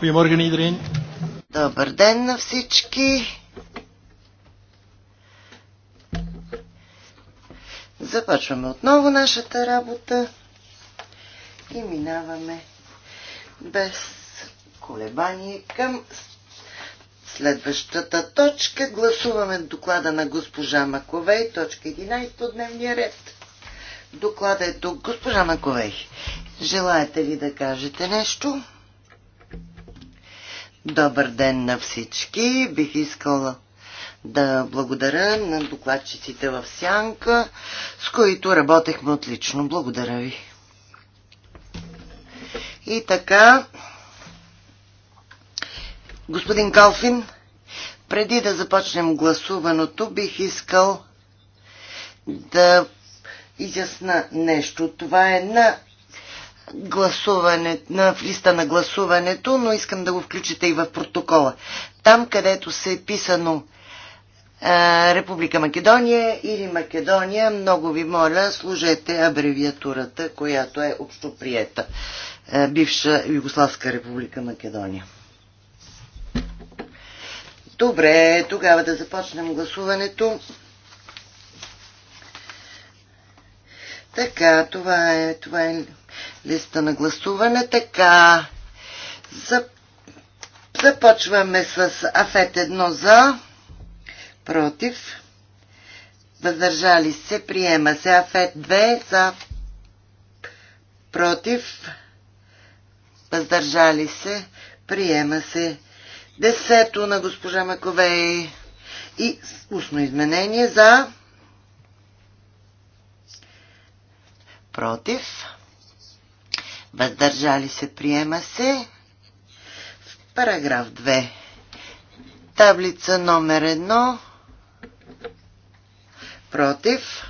Goedemorgen iedereen. Добър ден на всички. Започваме отново нашата работа и минаваме без колебание към следващата точка. Гласуваме доклада на госпожа Маковей, точка 11 от дневния ред. Доклада е тук. Госпожа Маковей, желаете ли да кажете нещо? Добър ден на всички. Бих искала да благодаря на докладчиците в Сянка, с които работехме отлично. Благодаря ви. И така, господин Калфин, преди да започнем гласуваното, бих искал да изясна нещо. Това е една гласуване, на листа на гласуването, но искам да го включите и в протокола. Там, където се е писано е, Република Македония или Македония, много ви моля, служете абревиатурата, която е общоприета. Е, бивша Югославска република Македония. Добре, тогава да започнем гласуването. Така, това е, това е листа на гласуване. Така, започваме с Афет 1 за, против, въздържали се, приема се Афет 2 за, против, въздържали се, приема се. Десето на госпожа Маковей и устно изменение за против въздържали се, приема се. В параграф 2, таблица номер 1, против,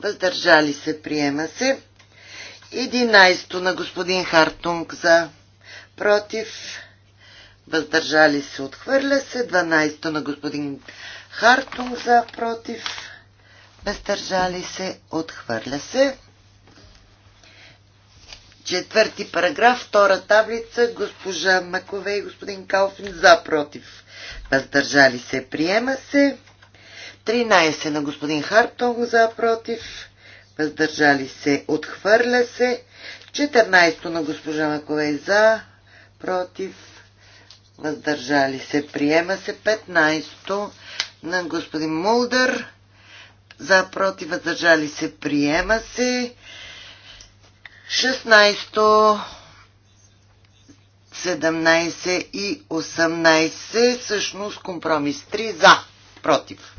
въздържали се, приема се. 11 на господин Хартунг за против, въздържали се, отхвърля се. 12 то на господин Хартунг за против, въздържали се, отхвърля се четвърти параграф, втора таблица, госпожа Макове и господин Калфин за против. Въздържали се, приема се. 13 на господин Хартон, за против. Въздържали се, отхвърля се. 14 на госпожа Макове за против. Въздържали се, приема се. 15 на господин Мулдър за против. Въздържали се, приема се. 16, 17 и 18, всъщност компромис 3 за, против.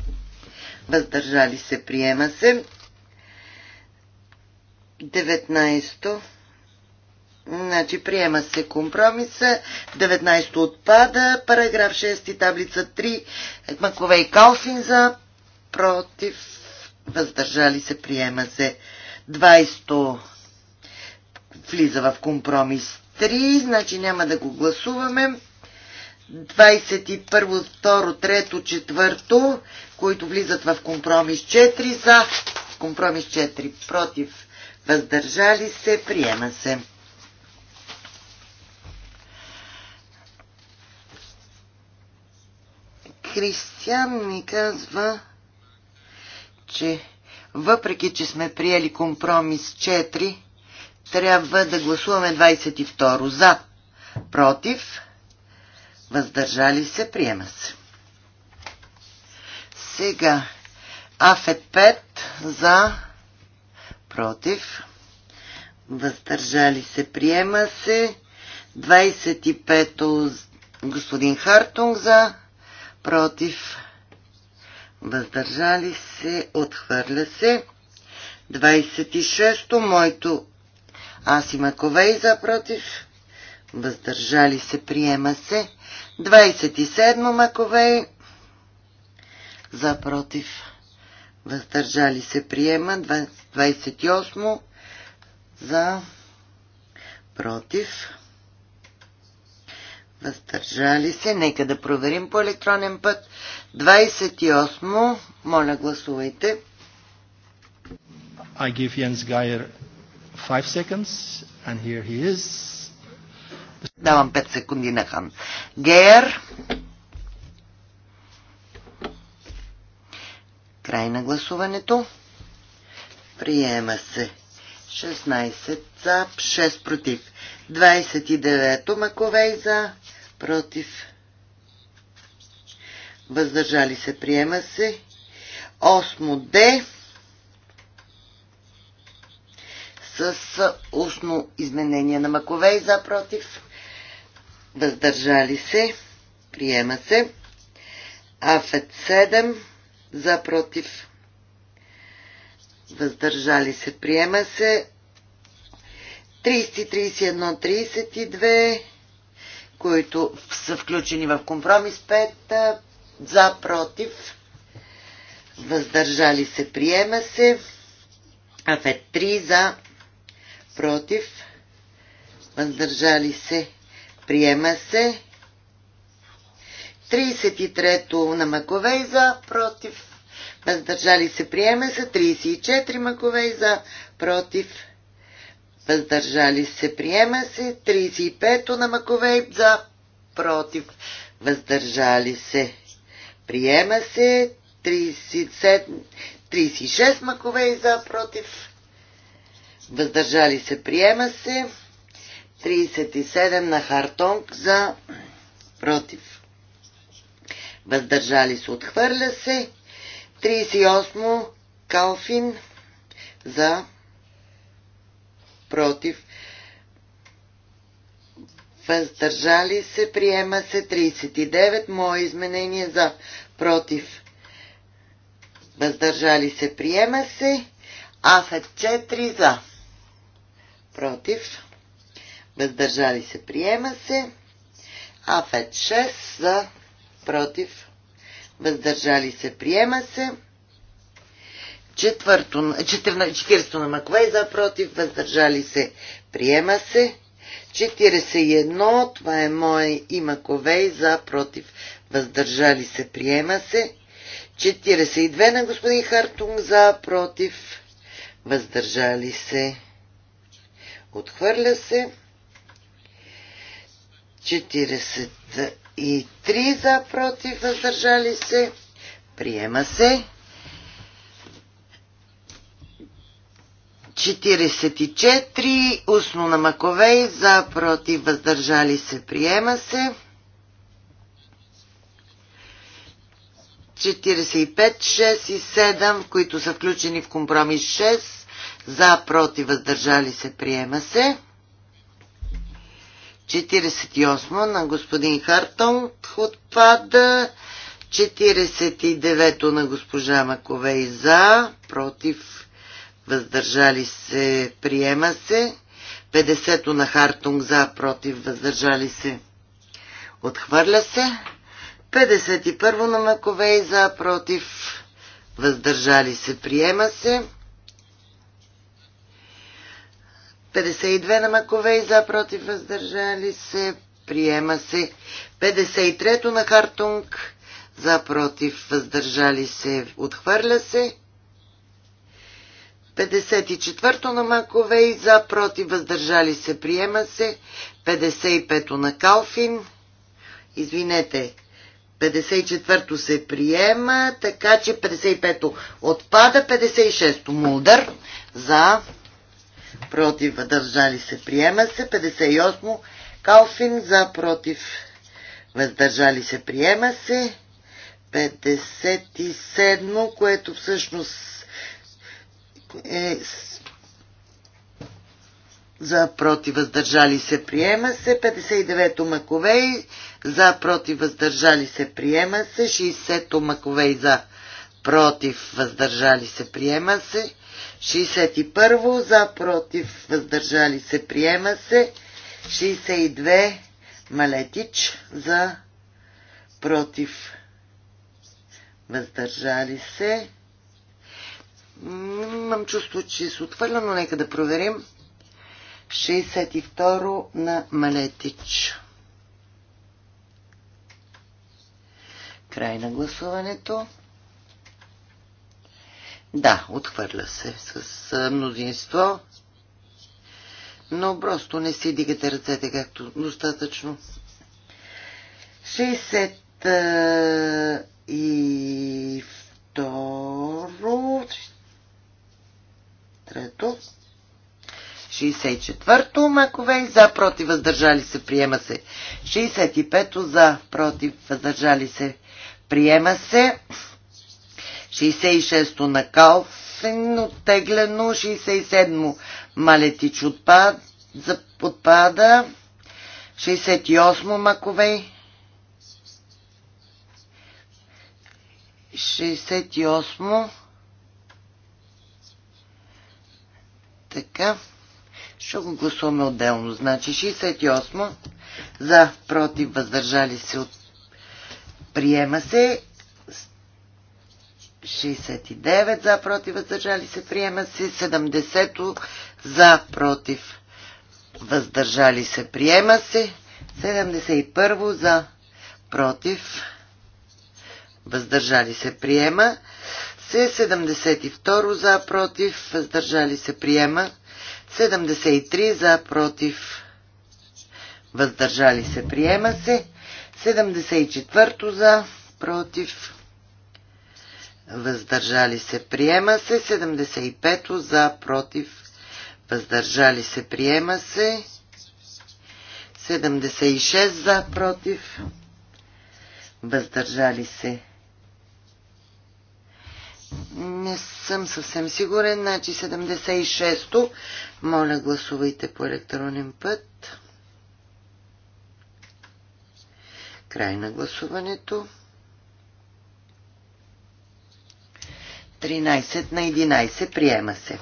Въздържали се, приема се. 19. Значи приема се компромиса. 19 отпада. Параграф 6, таблица 3. Макове и Калфин за. Против. Въздържали се. Приема се. 20 влиза в компромис 3, значи няма да го гласуваме. 21, 2, 3, 4, които влизат в компромис 4, за компромис 4, против, въздържали се, приема се. Християн ми казва, че въпреки, че сме приели компромис 4, трябва да гласуваме 22 за, против, въздържали се, приема се. Сега, Афет 5 за, против, въздържали се, приема се. 25 господин Хартунг за, против, въздържали се, отхвърля се. 26-то, моето аз и Маковей запротив. Въздържали се, приема се. 27 Маковей за против. Въздържали се, приема. 28 за против. Въздържали се. Нека да проверим по електронен път. 28. Моля, гласувайте. I give Jens Geier Five seconds, and here he is. Давам 5 секунди на Хан. Гер. Край на гласуването. Приема се. 16 за, 6 против. 29 Маковей за, против. Въздържали се, приема се. 8 Д с устно изменение на макове и запротив. Въздържали се. Приема се. Афет 7 за против. Въздържали се. Приема се. 30, 31, 32, които са включени в компромис 5, за, против, въздържали се, приема се, Афет 3 за, против, въздържали се, приема се. 33-то на Маковей за, против, въздържали се, приема се. 34 Маковей за, против, въздържали се, приема се. 35-то на Маковей за, против, въздържали се, приема се. 37, 36 Маковей за, против, въздържали се, приема се. 37 на Хартонг за против. Въздържали се, отхвърля се. 38 Калфин за против. Въздържали се, приема се 39. Мое изменение за против. Въздържали се, приема се. Афет 4 за против, въздържали се, приема се. Афет 6 за, против, въздържали се, приема се. Четвърто, 40 на Маковей за, против, въздържали се, приема се. 41, това е мое и Маковей за, против, въздържали се, приема се. 42 на господин Хартунг за, против, въздържали се. Отхвърля се. 43 за, против, въздържали се. Приема се. 44. Устно на Маковей. За, против, въздържали се. Приема се. 45, 6 и 7, които са включени в компромис 6 за, против, въздържали се, приема се. 48 на господин Хартон отпада. 49 на госпожа Маковей за, против, въздържали се, приема се. 50 на Хартунг за, против, въздържали се, отхвърля се. 51 на Маковей за, против, въздържали се, приема се. 52 на Маковей за, против, въздържали се, приема се. 53-то на Хартунг за, против, въздържали се, отхвърля се. 54-то на Маковей за, против, въздържали се, приема се. 55-то на Калфин. Извинете, 54-то се приема, така че 55-то отпада, 56-то Мулдър за, против, въздържали се, приема се. 58. Калфин за, против, въздържали се, приема се. 57, което всъщност е за против въздържали се приема се. 59-то Маковей за против въздържали се приема се. 60-то Маковей за против въздържали се приема се. 61 за, против, въздържали се, приема се. 62 Малетич за, против, въздържали се. Имам чувство, че се отвърля, но нека да проверим. 62 на Малетич. Край на гласуването. Да, отхвърля се с мнозинство, но просто не си дигате ръцете както достатъчно. 60 и второ, трето, 64-то макове за, против, въздържали се, приема се. 65-то за, против, въздържали се, приема се. 66-то на Калфин оттеглено, 67-мо Малетич отпада, отпада, 68-мо Маковей, 68-мо, така, ще го гласуваме отделно, значи 68-мо, за, против, въздържали се от Приема се 69 за против, въздържали се, приема се. 70 за против, въздържали се, приема се. 71 за против, въздържали се, приема се. 72 за против, въздържали се, приема. 73 за против, въздържали се, приема се. 74 за против, въздържали се, приема се. 75 за, против, въздържали се, приема се. 76 за, против, въздържали се. Не съм съвсем сигурен. Значи 76-то. Моля, гласувайте по електронен път. Край на гласуването. 13 на 11 приема се.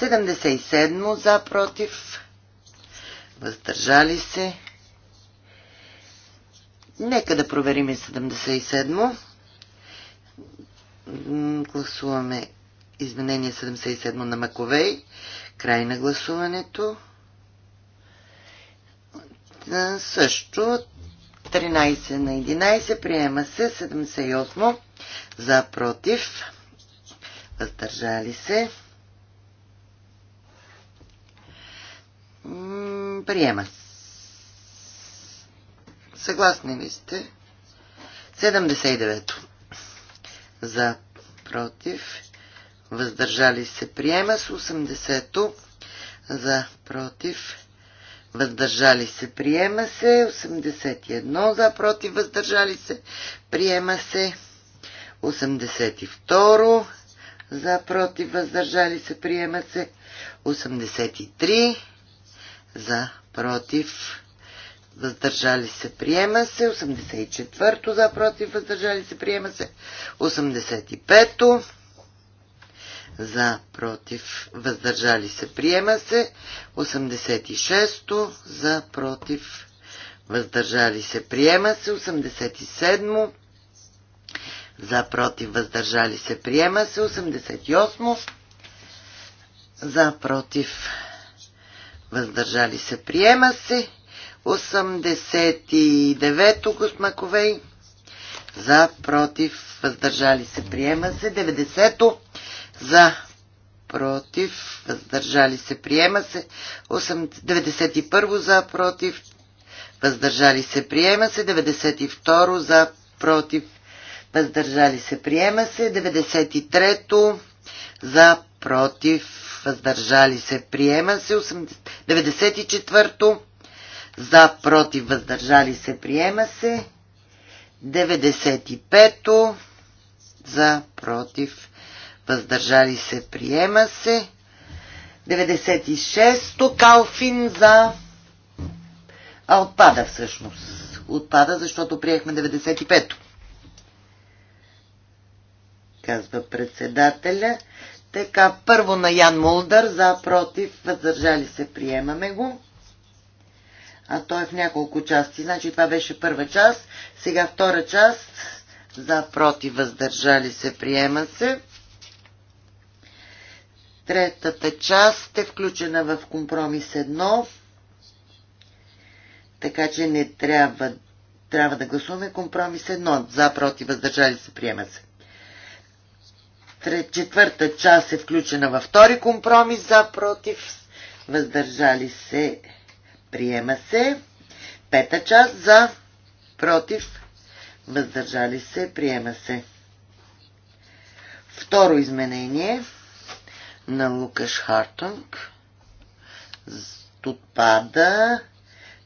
77 за против. Въздържали се. Нека да проверим и 77. Гласуваме изменение 77 на Маковей. Край на гласуването. Също 13 на 11 приема се 78 за против въздържали се. Приема се. Съгласни ли сте? 79. За, против, въздържали се, приема с 80-то. За, против, въздържали се, приема се. 81 за, против, въздържали се, приема се. 82 за против въздържали се приема се 83 за против въздържали се приема се 84-то за против въздържали се приема се 85-то за против въздържали се приема се 86-то за против въздържали се приема се 87 то за против въздържали се приема се 88 за против въздържали се приема се 89-то Госмаковей за против въздържали се приема се 90-то за против въздържали се приема се 91 за против въздържали се приема се 92 за против въздържали се, приема се. 93-то за, против, въздържали се, приема се. 94-то за, против, въздържали се, приема се. 95-то за, против, въздържали се, приема се. 96-то Калфин за... А отпада всъщност. Отпада, защото приехме 95-то казва председателя. Така, първо на Ян Мулдър, за, против, въздържали се, приемаме го. А той е в няколко части. Значи това беше първа част, сега втора част, за, против, въздържали се, приема се. Третата част е включена в компромис 1, така че не трябва, трябва да гласуваме компромис 1. За, против, въздържали се, приема се. Четвърта част е включена във втори компромис за против. Въздържали се. Приема се. Пета част за против. Въздържали се. Приема се. Второ изменение на Лукаш Хартунг отпада,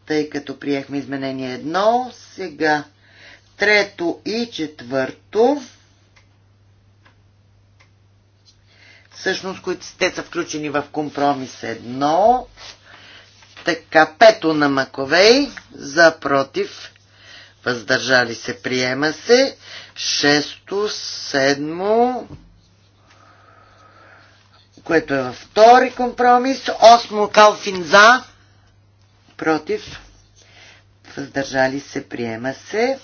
тъй като приехме изменение 1. Сега трето и четвърто всъщност, които те са включени в компромис едно. Така, пето на Маковей, за против, въздържали се, приема се. Шесто, седмо, което е във втори компромис. Осмо, Калфин за, против, въздържали се, приема се.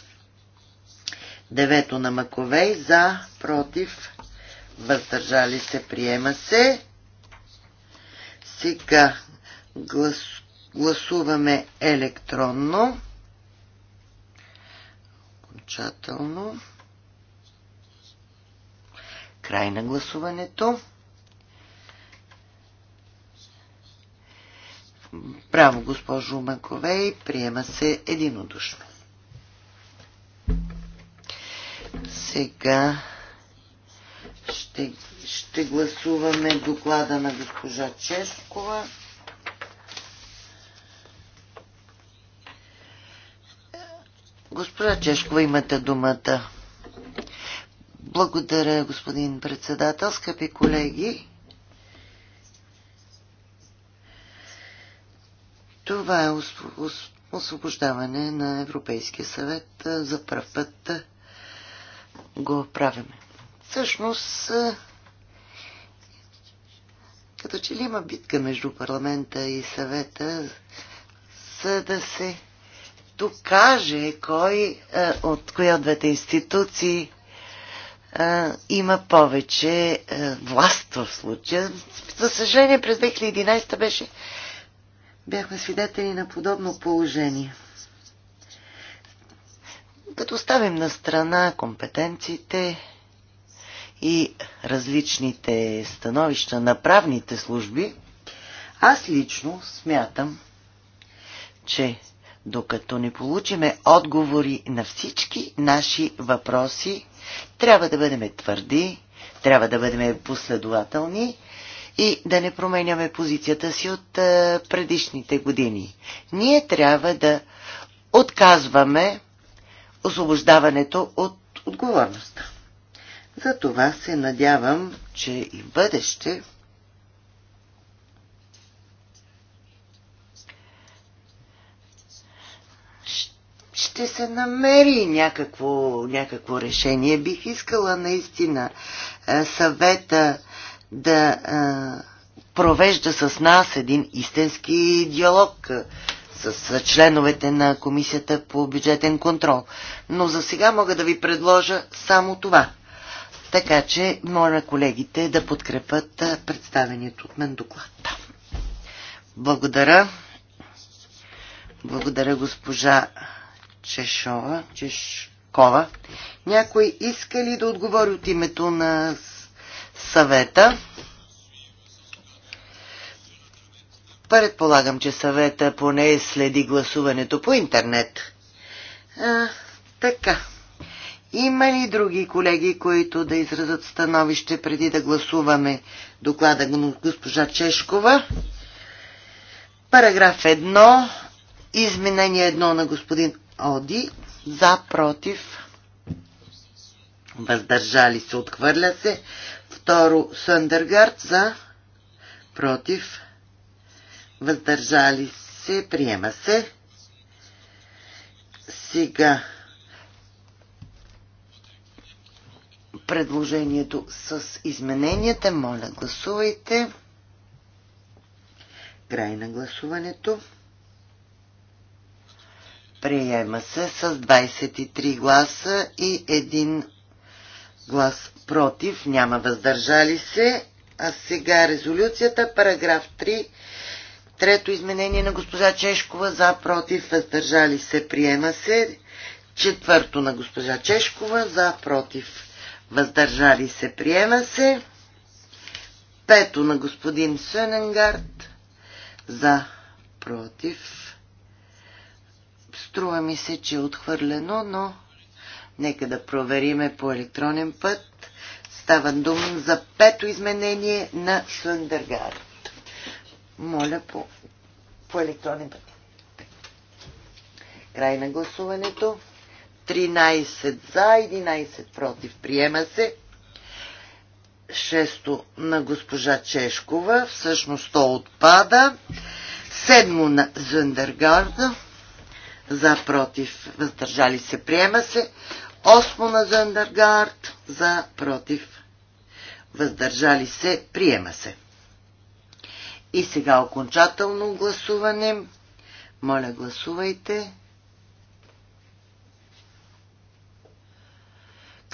Девето на Маковей, за, против, въздържали се, приема се. Сега глас, гласуваме електронно. Окончателно. Край на гласуването. Право, госпожо Маковей, приема се единодушно. Сега ще, ще гласуваме доклада на госпожа Чешкова. Госпожа Чешкова, имате думата. Благодаря, господин председател, скъпи колеги. Това е освобождаване на Европейския съвет. За първ път го правиме всъщност като че ли има битка между парламента и съвета, за да се докаже кой от коя от двете институции има повече власт в случая. За съжаление, през 2011 беше бяхме свидетели на подобно положение. Като ставим на страна компетенциите, и различните становища на правните служби, аз лично смятам, че докато не получиме отговори на всички наши въпроси, трябва да бъдем твърди, трябва да бъдем последователни и да не променяме позицията си от предишните години. Ние трябва да отказваме освобождаването от отговорността. За това се надявам, че и в бъдеще ще се намери някакво, някакво решение. Бих искала наистина съвета да провежда с нас един истински диалог с членовете на Комисията по бюджетен контрол. Но за сега мога да ви предложа само това – така че моля колегите да подкрепят представението от мен доклад. Благодаря. Благодаря госпожа Чешова. Чешкова. Някой иска ли да отговори от името на съвета? Предполагам, че съвета поне следи гласуването по интернет. А, така. Има ли други колеги, които да изразят становище преди да гласуваме доклада на госпожа Чешкова? Параграф 1. Изменение 1 на господин Оди. За, против. Въздържали се, отхвърля се. Второ, Съндергард за, против. Въздържали се, приема се. Сега предложението с измененията. Моля, гласувайте. Край на гласуването. Приема се с 23 гласа и 1 глас против. Няма въздържали се. А сега резолюцията, параграф 3. Трето изменение на госпожа Чешкова за против въздържали се. Приема се. Четвърто на госпожа Чешкова за против въздържали се, приема се. Пето на господин Сененгард за против. Струва ми се, че е отхвърлено, но нека да провериме по електронен път. Става дума за пето изменение на Сундергард. Моля по, по електронен път. Край на гласуването. 13 за, 11 против. Приема се. Шесто на госпожа Чешкова. Всъщност то отпада. Седмо на Зендергарда. За, против. Въздържали се. Приема се. Осмо на Зендергард. За, против. Въздържали се. Приема се. И сега окончателно гласуване. Моля, гласувайте.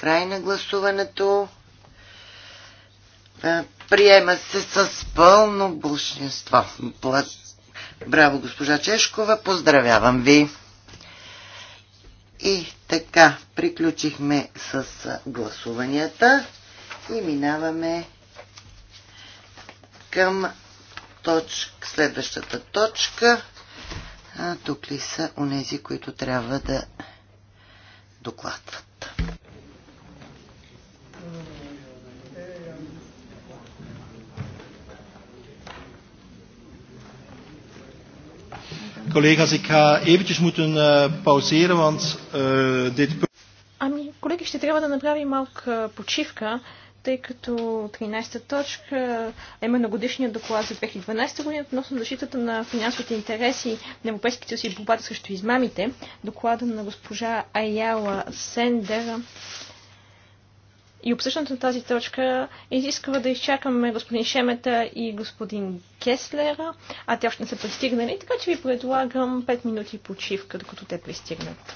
Край на гласуването. Приема се с пълно бълшинство. Браво, госпожа Чешкова. Поздравявам ви. И така, приключихме с гласуванията и минаваме към точка, следващата точка. А, тук ли са онези, които трябва да докладват? Collega's, ik ga eventjes moeten uh, pauzeren, want uh, dit... Ами, колеги, ще трябва да направим малка е, почивка, тъй като 13-та точка е именно годишният доклад за 2012 година относно защитата на финансовите интереси на Европейските съюз и борбата срещу измамите, доклада на госпожа Аяла Сендера и обсъщането на тази точка изисква да изчакаме господин Шемета и господин Кеслера, а те още не са пристигнали, така че ви предлагам 5 минути почивка, докато те пристигнат.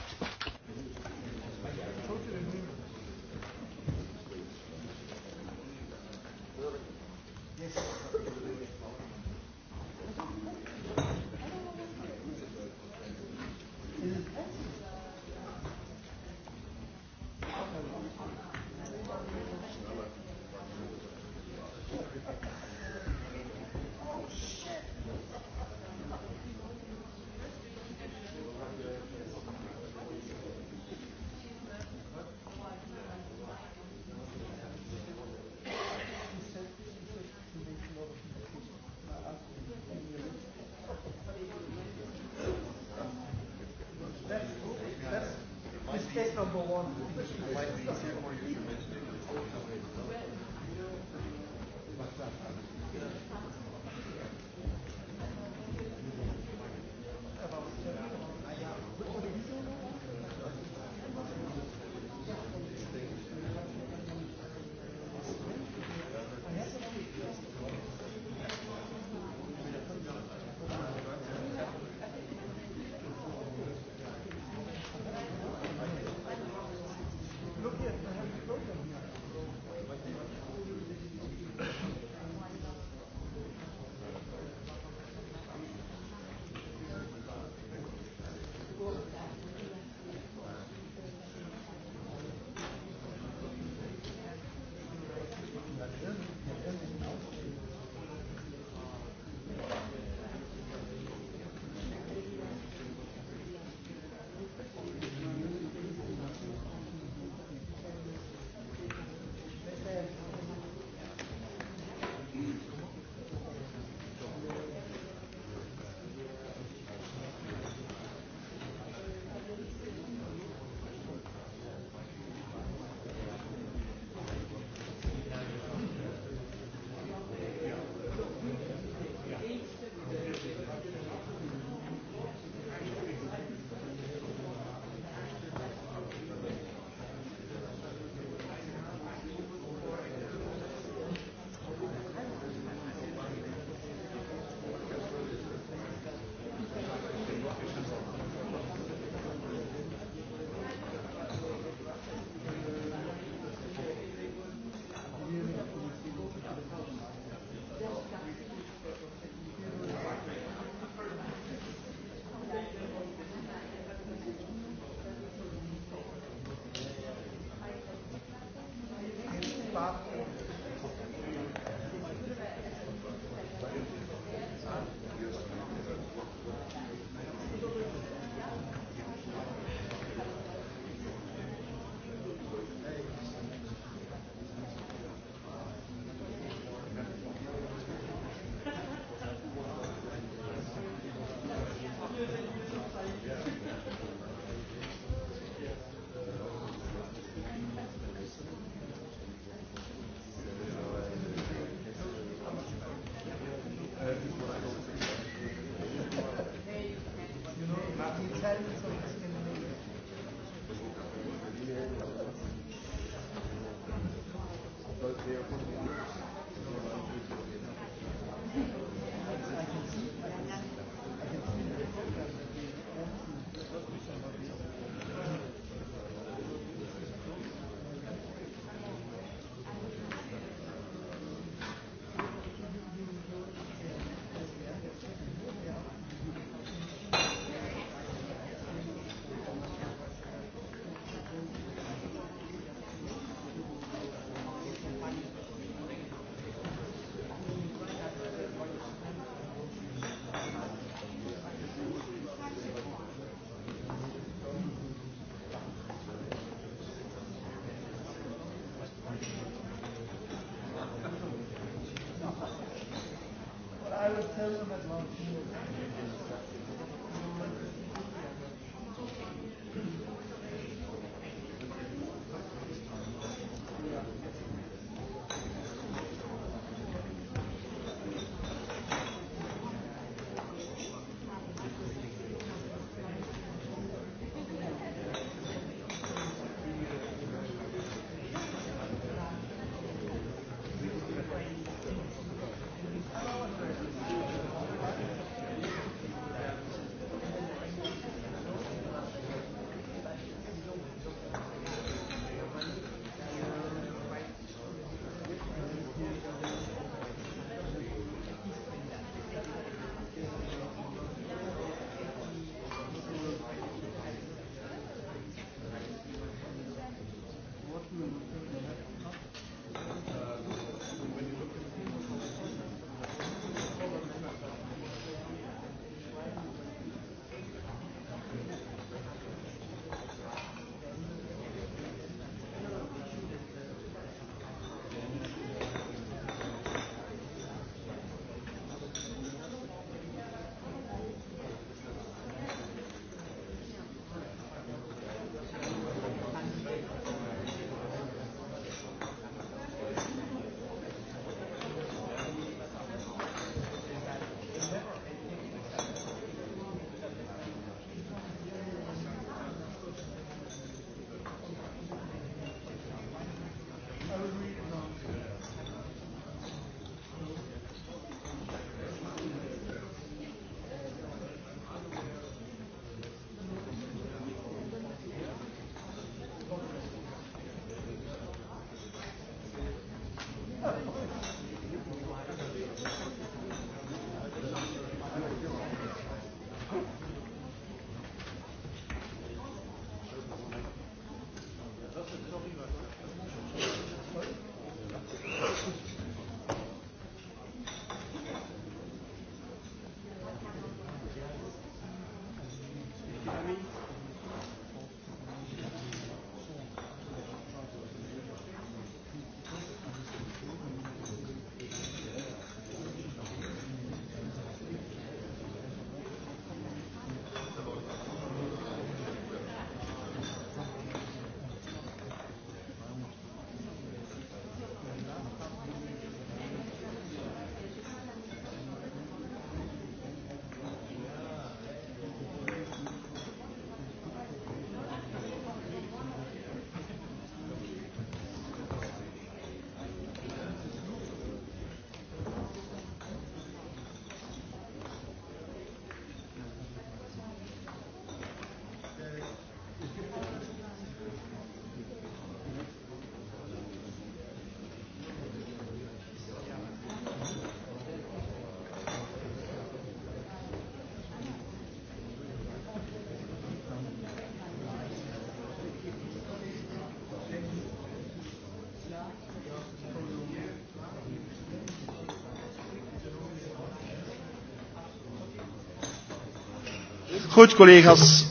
Goed, collega's.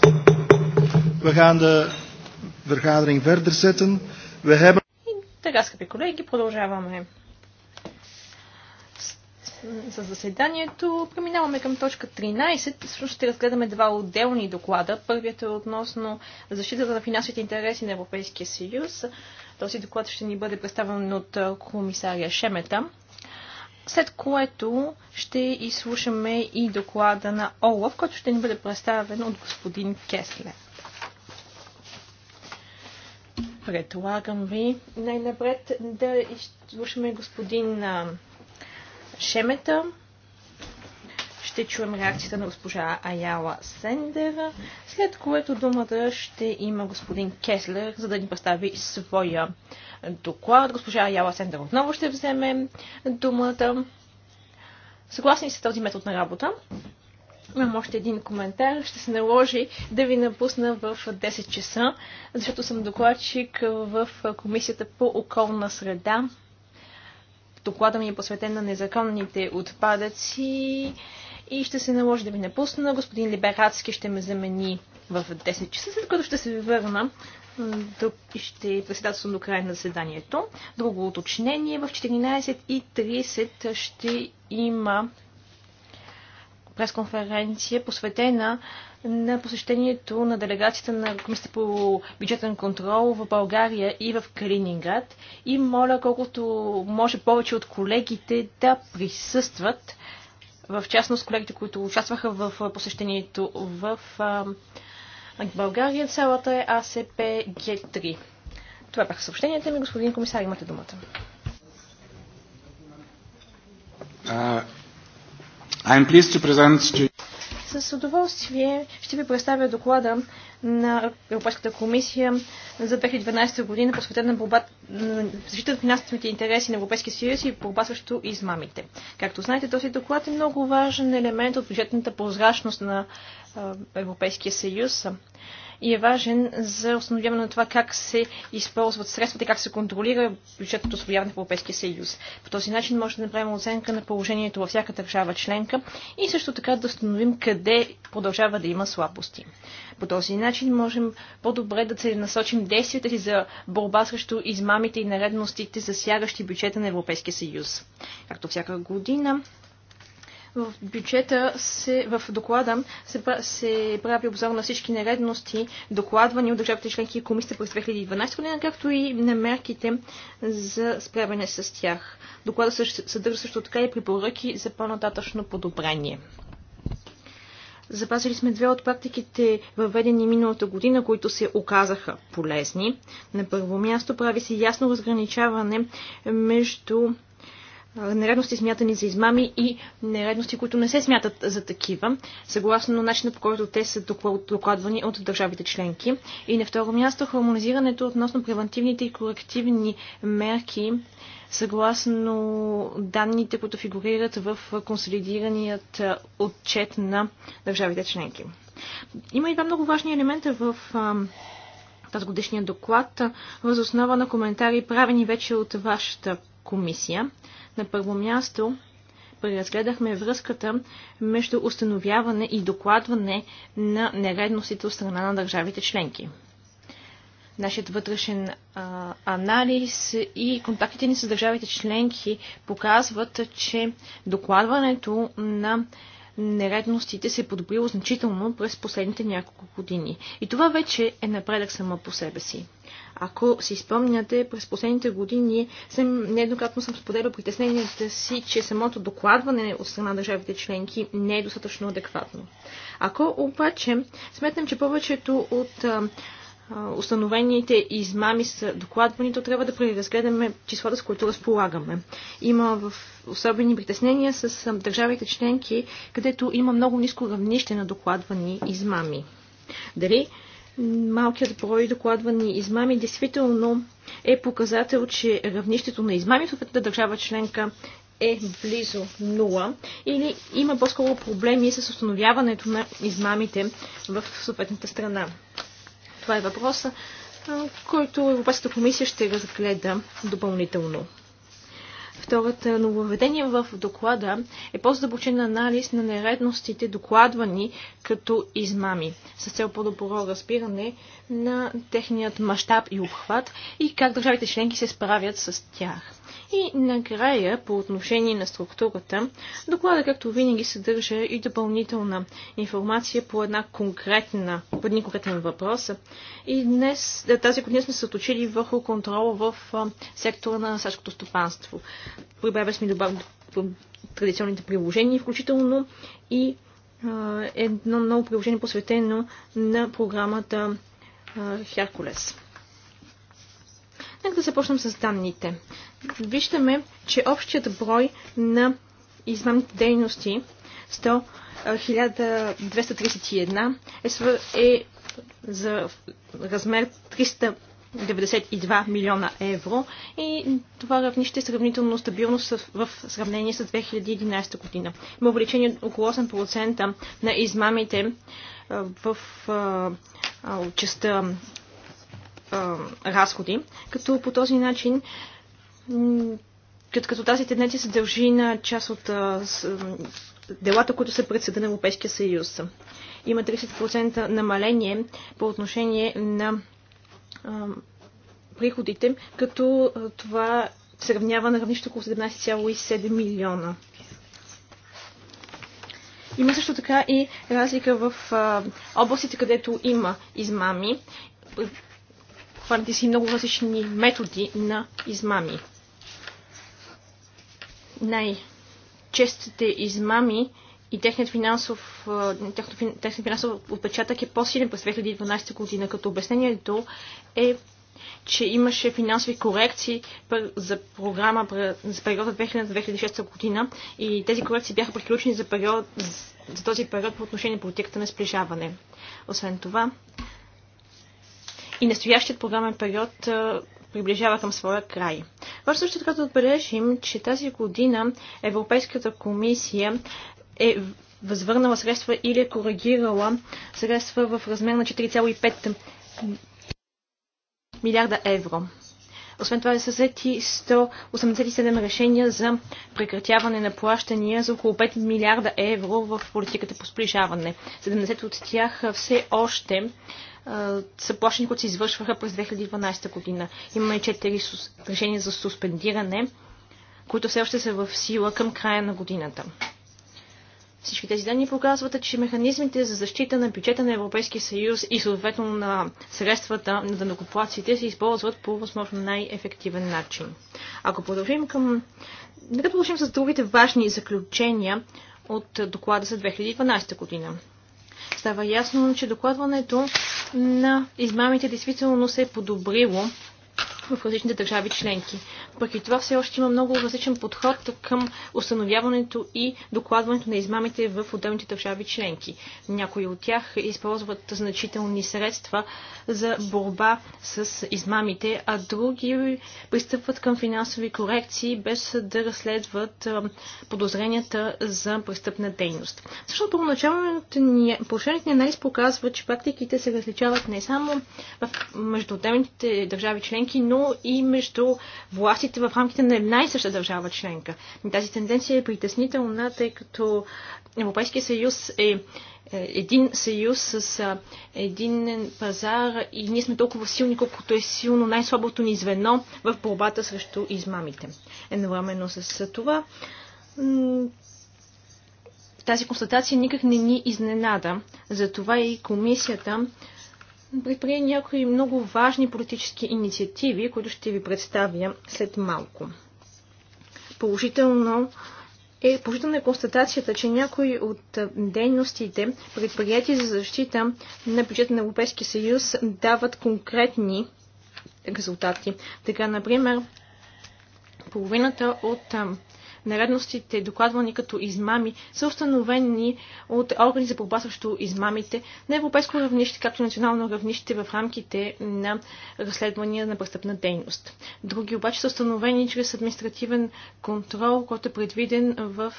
We gaan de vergadering verder zetten. We hebben... Така, скъпи колеги, продължаваме с заседанието. Преминаваме към точка 13. Всъщност ще разгледаме два отделни доклада. Първият е относно защитата на финансовите интереси на Европейския съюз. Този доклад ще ни бъде представен от комисария Шемета. След което ще изслушаме и доклада на ОЛАФ, който ще ни бъде представен от господин Кесле. Предлагам ви най-напред да изслушаме господин Шемета. Ще чуем реакцията на госпожа Аяла Сендер, след което думата ще има господин Кеслер, за да ни представи своя доклад. Госпожа Аяла Сендер отново ще вземе думата. Съгласни с този метод на работа. Имам още един коментар. Ще се наложи да ви напусна в 10 часа, защото съм докладчик в Комисията по околна среда. Доклада ми е посветен на незаконните отпадъци и ще се наложи да ви напусна. Господин Либерацки ще ме замени в 10 часа, след което ще се върна ще председателствам до края на заседанието. Друго уточнение в 14.30 ще има пресконференция, посветена на посещението на делегацията на Комисията по бюджетен контрол в България и в Калининград. И моля колкото може повече от колегите да присъстват, в частност колегите, които участваха в посещението в България, цялата е АСП Г3. Това бяха съобщенията ми. Господин комисар, имате думата. Uh, pleased to present to... you. С удоволствие ще ви представя доклада на Европейската комисия за 2012 година, посветен на борба защита на финансовите интереси на Европейския съюз и борба срещу измамите. Както знаете, този доклад е много важен елемент от бюджетната прозрачност на Европейския съюз и е важен за установяване на това как се използват средствата и как се контролира бюджетното освояване в Европейския съюз. По този начин може да направим оценка на положението във всяка държава членка и също така да установим къде продължава да има слабости. По този начин можем по-добре да се насочим действията си за борба срещу измамите и наредностите, засягащи бюджета на Европейския съюз. Както всяка година, в бюджета, се, в доклада се, се прави обзор на всички нередности, докладвани от държавите членки и комисията през 2012 година, както и на мерките за справяне с тях. Доклада съдържа също така и препоръки за по-нататъчно подобрение. Запазили сме две от практиките, въведени миналата година, които се оказаха полезни. На първо място прави се ясно разграничаване между нередности смятани за измами и нередности, които не се смятат за такива, съгласно начина по който те са докладвани от държавите членки. И на второ място хармонизирането относно превентивните и корективни мерки, съгласно данните, които фигурират в консолидираният отчет на държавите членки. Има и два много важни елемента в тази годишния доклад, възоснова на коментари, правени вече от вашата комисия. На първо място преразгледахме връзката между установяване и докладване на нередностите от страна на държавите членки. Нашият вътрешен а, анализ и контактите ни с държавите членки показват, че докладването на нередностите се е подобрило значително през последните няколко години. И това вече е напредък само по себе си. Ако си спомняте, през последните години съм, нееднократно съм споделял притесненията си, че самото докладване от страна държавите членки не е достатъчно адекватно. Ако обаче сметнем, че повечето от а, установените измами са докладвани, то трябва да преразгледаме числата, с които разполагаме. Има в особени притеснения с държавите членки, където има много ниско равнище на докладвани измами. Дали малкият брой докладвани измами действително е показател, че равнището на измами в съответната държава членка е близо 0 или има по-скоро проблеми с установяването на измамите в съответната страна. Това е въпроса, който Европейската комисия ще разгледа допълнително. Втората нововведение в доклада е по-задълбочен анализ на нередностите, докладвани като измами, с цел по-добро разбиране на техният мащаб и обхват и как държавите членки се справят с тях. И накрая, по отношение на структурата, доклада, както винаги, съдържа и допълнителна информация по, една конкретна, по един конкретен въпрос. И днес, тази година сме се оточили върху контрола в сектора на сашкото стопанство прибавя сме добавно традиционните приложения, включително и едно ново приложение посветено на програмата Херкулес. Нека да започнем с данните. Виждаме, че общият брой на измамните дейности 100, 1231 е, е за размер 300 92 милиона евро и това равнище е сравнително стабилно в сравнение с 2011 година. Има увеличение около 8% на измамите в частта разходи, като по този начин като, тази тенденция се дължи на част от делата, които са пред съда на Европейския съюз. Има 30% намаление по отношение на приходите, като това се равнява на равнище около 17,7 милиона. Има също така и разлика в областите, където има измами. Хванати си много различни методи на измами. Най-честите измами и техният финансов, техният финансов отпечатък е по-силен през 2012 година, като обяснението е че имаше финансови корекции за програма за периода 2000-2006 година и тези корекции бяха приключени за, период, за този период по отношение на политиката на сближаване. Освен това, и настоящият програмен период приближава към своя край. Важно също така да отбележим, че тази година Европейската комисия е възвърнала средства или е коригирала средства в размер на 4,5 милиарда евро. Освен това са взети 187 решения за прекратяване на плащания за около 5 милиарда евро в политиката по сближаване. 70 от тях все още са плащани, които се извършваха през 2012 година. Имаме 4 решения за суспендиране, които все още са в сила към края на годината. Всички тези данни показват, че механизмите за защита на бюджета на Европейския съюз и съответно на средствата на данокоплаците се използват по възможно най-ефективен начин. Ако продължим към... Нека продължим с другите важни заключения от доклада за 2012 година. Става ясно, че докладването на измамите действително се е подобрило в различните държави членки. и това все още има много различен подход към установяването и докладването на измамите в отделните държави членки. Някои от тях използват значителни средства за борба с измамите, а други пристъпват към финансови корекции без да разследват подозренията за престъпна дейност. Всъщност първоначалното ни, ни анализ показва, че практиките се различават не само в между отделните държави членки, но и между властите в рамките на една и съща държава членка. Тази тенденция е притеснителна, тъй като Европейския съюз е, е един съюз с един пазар и ние сме толкова силни, колкото е силно най-слабото ни звено в борбата срещу измамите. Едновременно с това тази констатация никак не ни изненада. Затова и комисията предприе някои много важни политически инициативи, които ще ви представя след малко. Положително е, положително е констатацията, че някои от дейностите, предприятия за защита на бюджета на Европейския съюз, дават конкретни резултати. Така, например, половината от наредностите, докладвани като измами, са установени от органи за борба срещу измамите на европейско равнище, както и национално равнище в рамките на разследвания на престъпна дейност. Други обаче са установени чрез административен контрол, който е предвиден в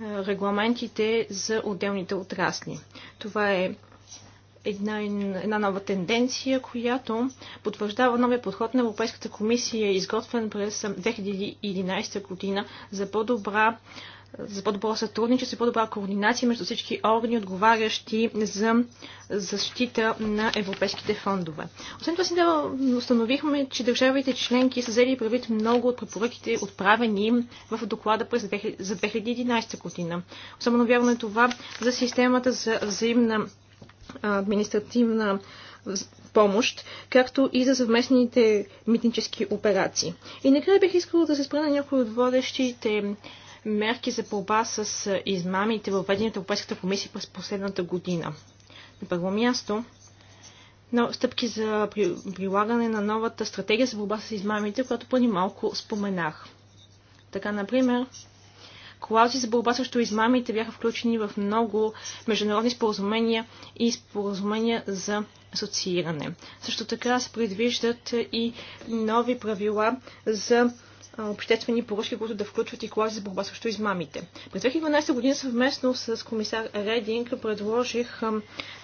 регламентите за отделните отрасли. Това е една, една нова тенденция, която потвърждава новия подход на Европейската комисия, изготвен през 2011 година за по-добра за по-добро сътрудничество и по-добра координация между всички органи, отговарящи за защита на европейските фондове. Освен това си да установихме, че държавите членки са взели правит много от препоръките, отправени им в доклада през за 2011 година. Особено вярно е това за системата за взаимна административна помощ, както и за съвместните митнически операции. И накрая бих искала да се спра на някои от водещите мерки за борба с измамите, във въведени от Европейската комисия през последната година. На първо място, но стъпки за прилагане на новата стратегия за борба с измамите, която преди малко споменах. Така, например, клаузи за борба срещу измамите бяха включени в много международни споразумения и споразумения за асоцииране. Също така се предвиждат и нови правила за обществени поръчки, които да включват и клази за борба срещу измамите. През 2012 година съвместно с комисар Рединг предложих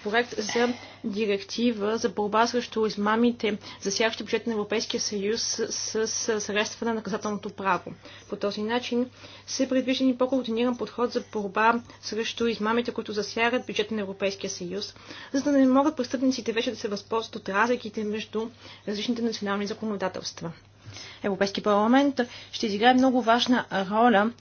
проект за директива за борба срещу измамите, засягащи бюджет на Европейския съюз с, с средства на наказателното право. По този начин се предвижда и по-координиран подход за борба срещу измамите, които засягат бюджета на Европейския съюз, за да не могат престъпниците вече да се възползват от разликите между различните национални законодателства. Европейски парламент ще изиграе много важна роля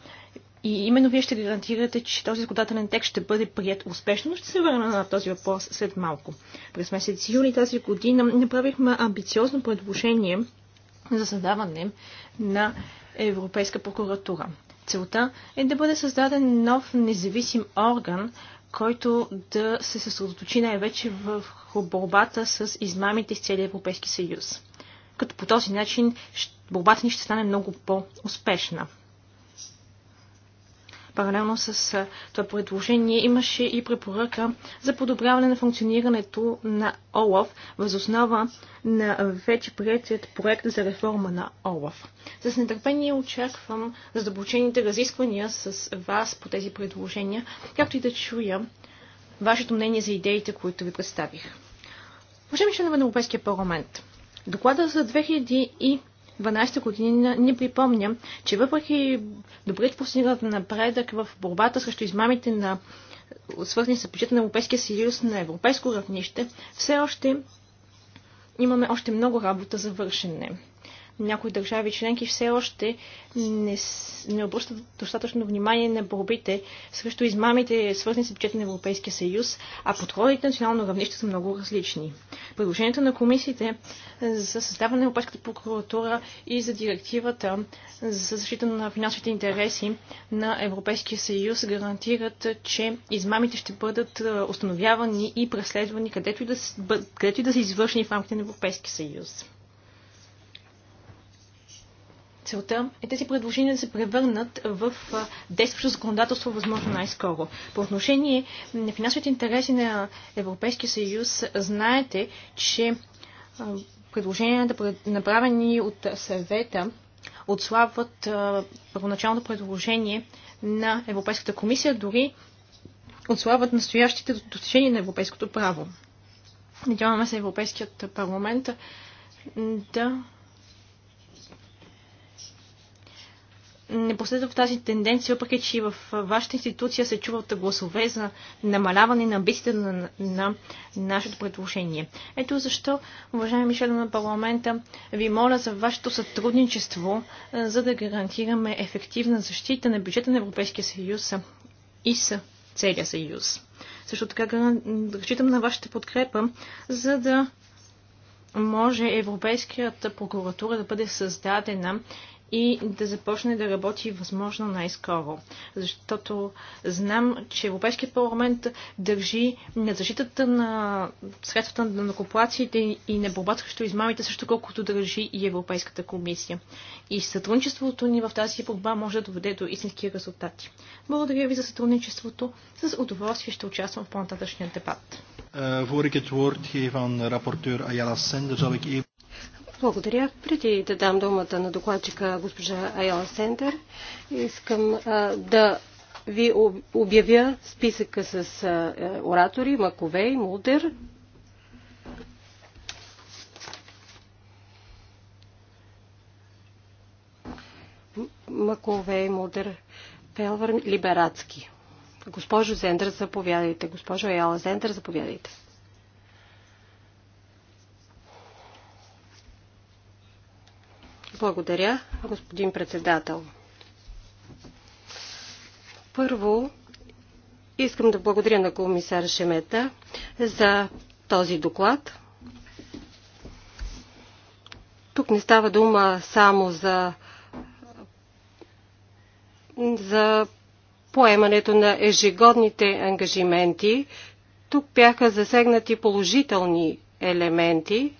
и именно вие ще гарантирате, че този законодателен текст ще бъде прият успешно. Ще се върна на този въпрос след малко. През месец юли тази година направихме амбициозно предложение за създаване на Европейска прокуратура. Целта е да бъде създаден нов независим орган, който да се съсредоточи най-вече в борбата с измамите с целия Европейски съюз като по този начин борбата ни ще стане много по-успешна. Паралелно с това предложение имаше и препоръка за подобряване на функционирането на ОЛАФ възоснова на вече приятият проект за реформа на ОЛАФ. С нетърпение очаквам задълбочените разисквания с вас по тези предложения, както и да чуя вашето мнение за идеите, които ви представих. Уважаеми членове на Европейския парламент, Доклада за 2012 година ни припомня, че въпреки добрите постигнат напредък в борбата срещу измамите на свързани с бюджета на Европейския съюз на европейско равнище, все още имаме още много работа за вършене. Някои държави членки все още не, не обръщат достатъчно внимание на борбите срещу измамите, свързани с бюджета на Европейския съюз, а подходите на национално равнище са много различни. Предложението на комисиите за създаване на Европейската прокуратура и за директивата за защита на финансовите интереси на Европейския съюз гарантират, че измамите ще бъдат е, установявани и преследвани където и да, където и да са извършени в рамките на Европейския съюз. Целта е тези предложения да се превърнат в действащо законодателство възможно най-скоро. По отношение на финансовите интереси на Европейския съюз, знаете, че предложенията, направени от съвета, отслабват първоначално предложение на Европейската комисия, дори отслабват настоящите достижения на европейското право. Надяваме се Европейският парламент да не последва тази тенденция, въпреки че и в вашата институция се чуват гласове за намаляване на амбициите на, на, на нашето предложение. Ето защо, уважаеми членове на парламента, ви моля за вашето сътрудничество, за да гарантираме ефективна защита на бюджета на Европейския съюз и с целия съюз. Също така разчитам на вашата подкрепа, за да може Европейската прокуратура да бъде създадена и да започне да работи възможно най-скоро. Защото знам, че Европейският парламент държи на защитата на средствата на накоплациите и на борба срещу измамите, също колкото държи и Европейската комисия. И сътрудничеството ни в тази борба може да доведе до истински резултати. Благодаря ви за сътрудничеството. С удоволствие ще участвам в по-нататъчния дебат. Uh, voor ik het woord geef aan rapporteur Ayala Sender, zal ik even... Благодаря. Преди да дам думата на докладчика госпожа Айла Сендер, искам а, да ви обявя списъка с а, оратори Маковей, Мулдер. Маковей, Мулдер, Пелвър, либератски. Госпожо Зендър, заповядайте. Госпожо Аяла Зендър, заповядайте. Благодаря, господин председател. Първо, искам да благодаря на комисар Шемета за този доклад. Тук не става дума само за, за поемането на ежегодните ангажименти. Тук бяха засегнати положителни елементи,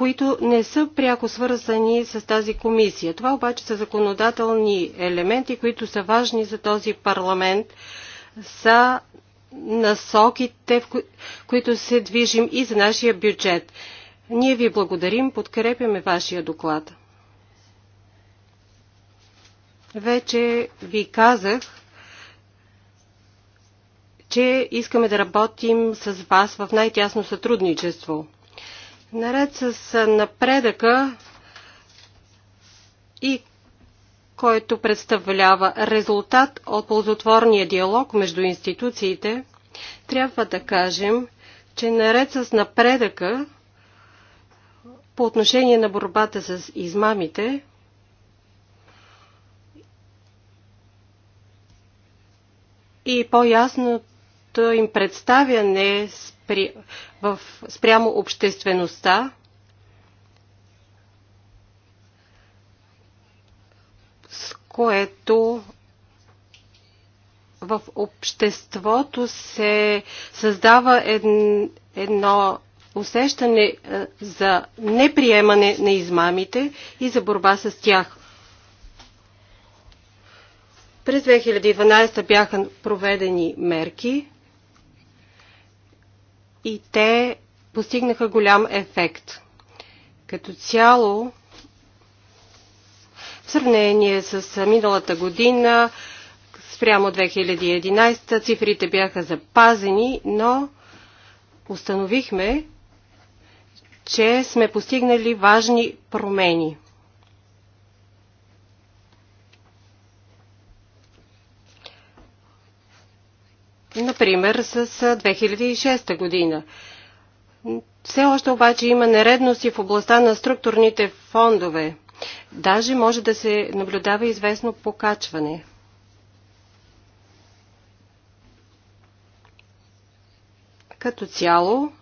които не са пряко свързани с тази комисия. Това обаче са законодателни елементи, които са важни за този парламент, са насоките, в кои, които се движим и за нашия бюджет. Ние ви благодарим, подкрепяме вашия доклад. Вече ви казах, че искаме да работим с вас в най-тясно сътрудничество. Наред с напредъка и който представлява резултат от ползотворния диалог между институциите, трябва да кажем, че наред с напредъка по отношение на борбата с измамите, и по-ясното им представяне с при, в, спрямо обществеността. С което в обществото се създава едно усещане е, за неприемане на измамите и за борба с тях. През 2012 бяха проведени мерки и те постигнаха голям ефект. Като цяло, в сравнение с миналата година, спрямо 2011, цифрите бяха запазени, но установихме, че сме постигнали важни промени – например с 2006 година. Все още обаче има нередности в областта на структурните фондове. Даже може да се наблюдава известно покачване. Като цяло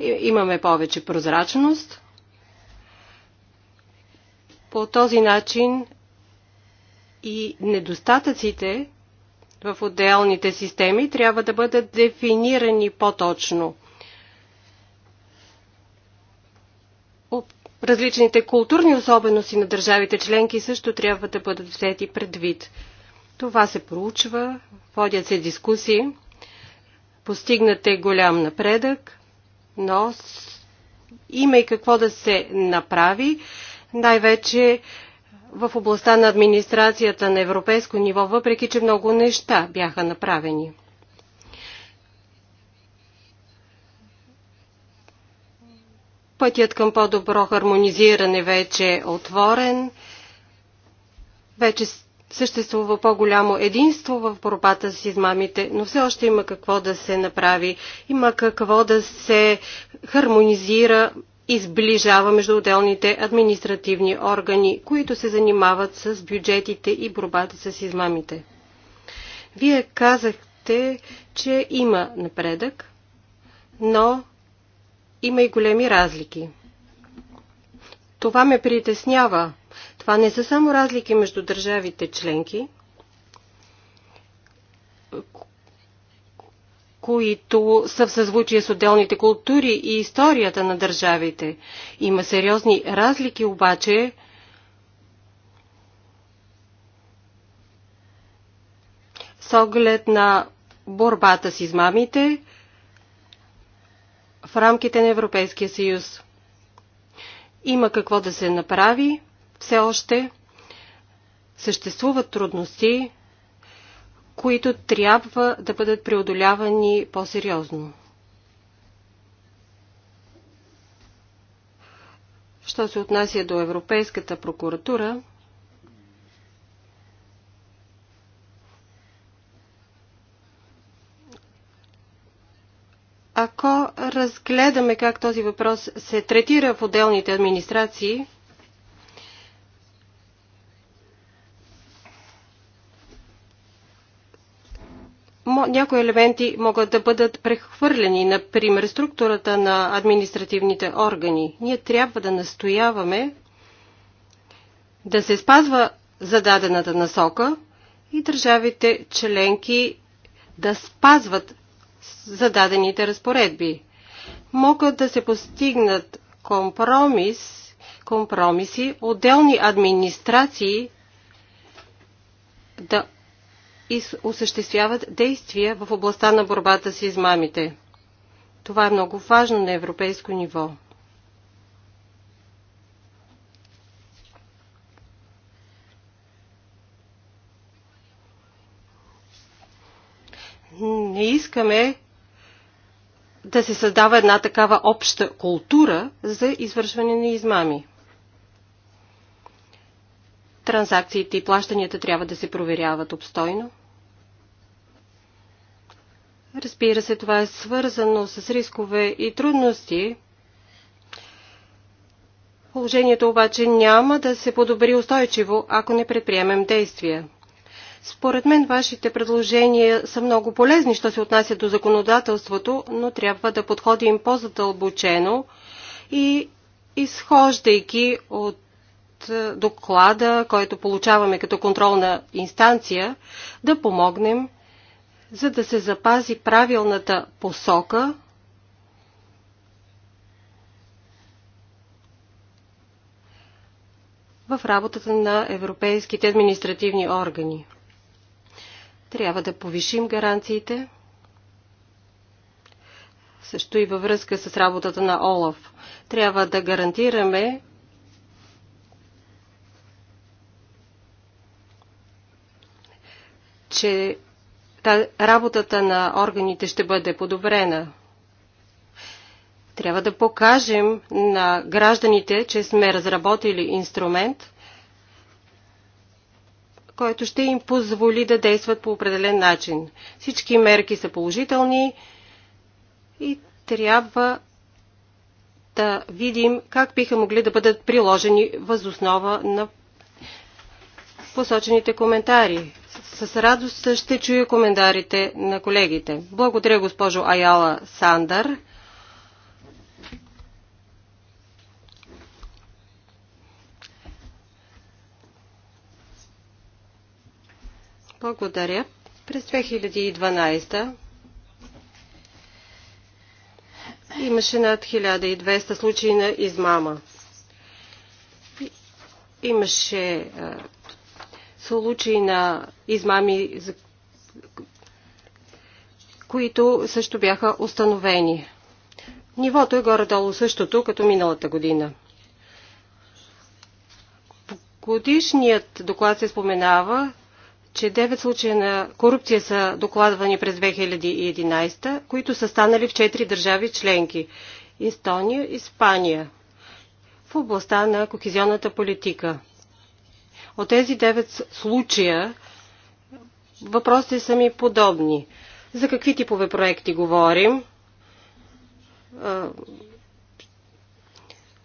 имаме повече прозрачност. По този начин и недостатъците в отделните системи трябва да бъдат дефинирани по-точно. Различните културни особености на държавите членки също трябва да бъдат взети предвид. Това се проучва, водят се дискусии, постигнат е голям напредък, но има и какво да се направи, най-вече в областта на администрацията на европейско ниво, въпреки че много неща бяха направени. Пътят към по-добро хармонизиране вече е отворен. Вече съществува по-голямо единство в борбата с измамите, но все още има какво да се направи, има какво да се хармонизира изближава между отделните административни органи, които се занимават с бюджетите и борбата с измамите. Вие казахте, че има напредък, но има и големи разлики. Това ме притеснява. Това не са само разлики между държавите членки, които са в съзвучие с отделните култури и историята на държавите. Има сериозни разлики обаче с оглед на борбата с измамите в рамките на Европейския съюз. Има какво да се направи все още. Съществуват трудности, които трябва да бъдат преодолявани по-сериозно. Що се отнася до Европейската прокуратура, ако разгледаме как този въпрос се третира в отделните администрации, някои елементи могат да бъдат прехвърлени, например структурата на административните органи. Ние трябва да настояваме да се спазва зададената насока и държавите членки да спазват зададените разпоредби. Могат да се постигнат компромис, компромиси, отделни администрации да и осъществяват действия в областта на борбата с измамите. Това е много важно на европейско ниво. Не искаме да се създава една такава обща култура за извършване на измами. Транзакциите и плащанията трябва да се проверяват обстойно. Разбира се, това е свързано с рискове и трудности. Положението обаче няма да се подобри устойчиво, ако не предприемем действия. Според мен вашите предложения са много полезни, що се отнася до законодателството, но трябва да подходим по-задълбочено и изхождайки от е, доклада, който получаваме като контролна инстанция, да помогнем, за да се запази правилната посока в работата на европейските административни органи. Трябва да повишим гаранциите, също и във връзка с работата на ОЛАФ. Трябва да гарантираме, че работата на органите ще бъде подобрена. Трябва да покажем на гражданите, че сме разработили инструмент, който ще им позволи да действат по определен начин. Всички мерки са положителни и трябва да видим как биха могли да бъдат приложени възоснова на посочените коментари. С радост ще чуя коментарите на колегите. Благодаря, госпожо Аяла Сандър. Благодаря. През 2012 имаше над 1200 случаи на измама. Имаше случаи на измами, които също бяха установени. Нивото е горе-долу същото, като миналата година. В годишният доклад се споменава, че 9 случая на корупция са докладвани през 2011, които са станали в 4 държави членки – Естония, Испания, в областта на кохезионната политика – от тези девет случая въпросите са ми подобни. За какви типове проекти говорим?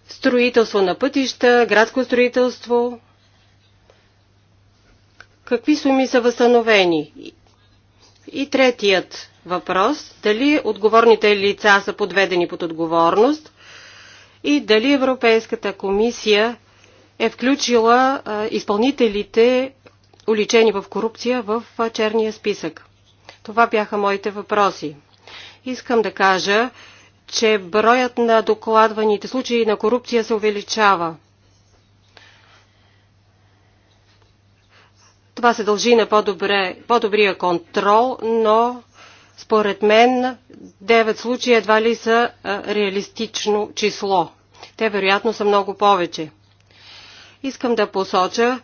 Строителство на пътища, градско строителство. Какви суми са възстановени? И третият въпрос – дали отговорните лица са подведени под отговорност и дали Европейската комисия е включила изпълнителите, уличени в корупция, в черния списък. Това бяха моите въпроси. Искам да кажа, че броят на докладваните случаи на корупция се увеличава. Това се дължи на по-добре, по-добрия контрол, но според мен 9 случая едва ли са реалистично число. Те вероятно са много повече. Искам да посоча,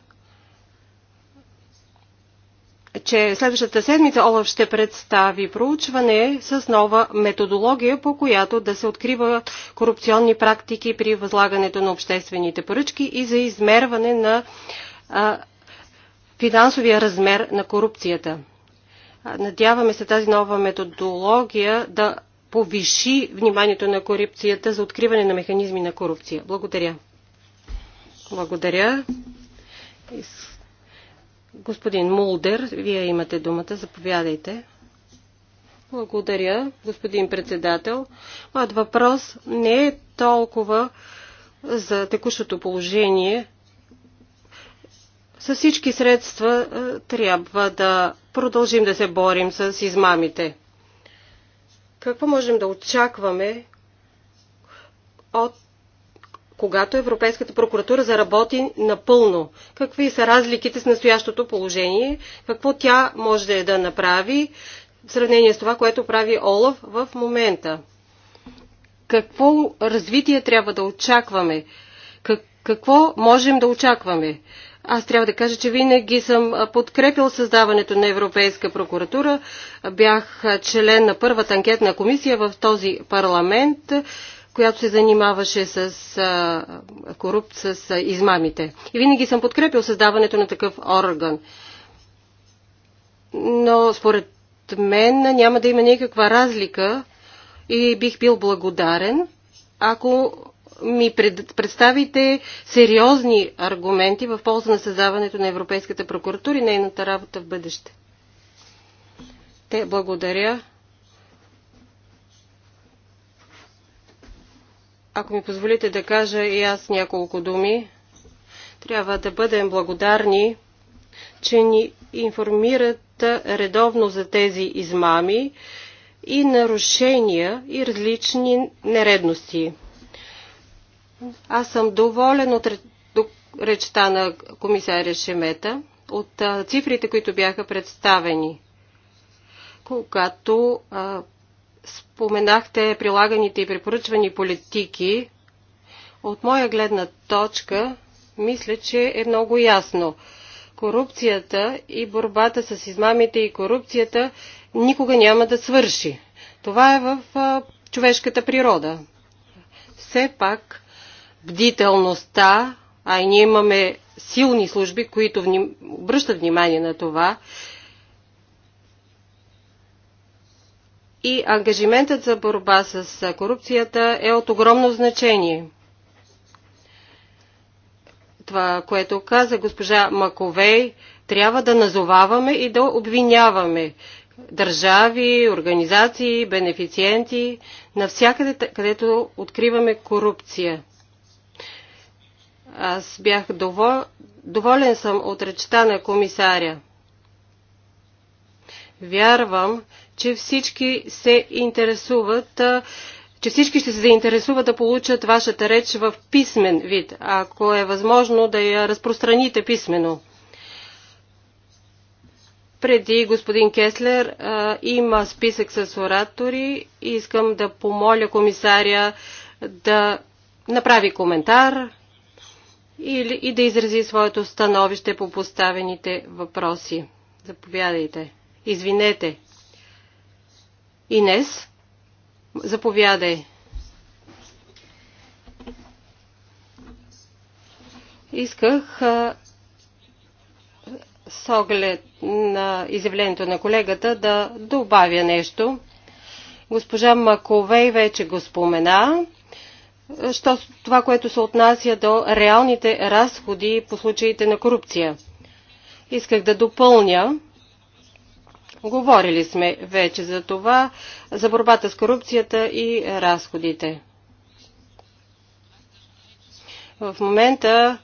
че следващата седмица ОЛАФ ще представи проучване с нова методология, по която да се откриват корупционни практики при възлагането на обществените поръчки и за измерване на а, финансовия размер на корупцията. Надяваме се тази нова методология да повиши вниманието на корупцията за откриване на механизми на корупция. Благодаря. Благодаря. Господин Мулдер, вие имате думата. Заповядайте. Благодаря, господин председател. Моят въпрос не е толкова за текущото положение. Със всички средства е, трябва да продължим да се борим с измамите. Какво можем да очакваме от когато Европейската прокуратура заработи напълно. Какви са разликите с настоящото положение? Какво тя може да направи в сравнение с това, което прави Олаф в момента? Какво развитие трябва да очакваме? Какво можем да очакваме? Аз трябва да кажа, че винаги съм подкрепил създаването на Европейска прокуратура. Бях член на първата анкетна комисия в този парламент която се занимаваше с, а, корупт, с а, измамите. И винаги съм подкрепил създаването на такъв орган. Но според мен няма да има никаква разлика и бих бил благодарен, ако ми пред, представите сериозни аргументи в полза на създаването на Европейската прокуратура и нейната работа в бъдеще. Те благодаря. Ако ми позволите да кажа и аз няколко думи, трябва да бъдем благодарни, че ни информират редовно за тези измами и нарушения и различни нередности. Аз съм доволен от речта на комисаря Шемета, от цифрите, които бяха представени, когато Споменахте прилаганите и препоръчвани политики. От моя гледна точка, мисля, че е много ясно. Корупцията и борбата с измамите и корупцията никога няма да свърши. Това е в а, човешката природа. Все пак, бдителността, а и ние имаме силни служби, които обръщат внимание на това, и ангажиментът за борба с корупцията е от огромно значение. Това, което каза госпожа Маковей, трябва да назоваваме и да обвиняваме държави, организации, бенефициенти, навсякъде, където откриваме корупция. Аз бях довол... доволен съм от речта на комисаря. Вярвам, че всички се интересуват че всички ще се заинтересуват да получат вашата реч в писмен вид, ако е възможно да я разпространите писменно. Преди господин Кеслер а, има списък с оратори и искам да помоля комисаря да направи коментар или, и да изрази своето становище по поставените въпроси. Заповядайте. Извинете, Инес, заповядай. Исках с оглед на изявлението на колегата да добавя нещо. Госпожа Маковей вече го спомена. Що, това, което се отнася до реалните разходи по случаите на корупция. Исках да допълня, Говорили сме вече за това, за борбата с корупцията и разходите. В момента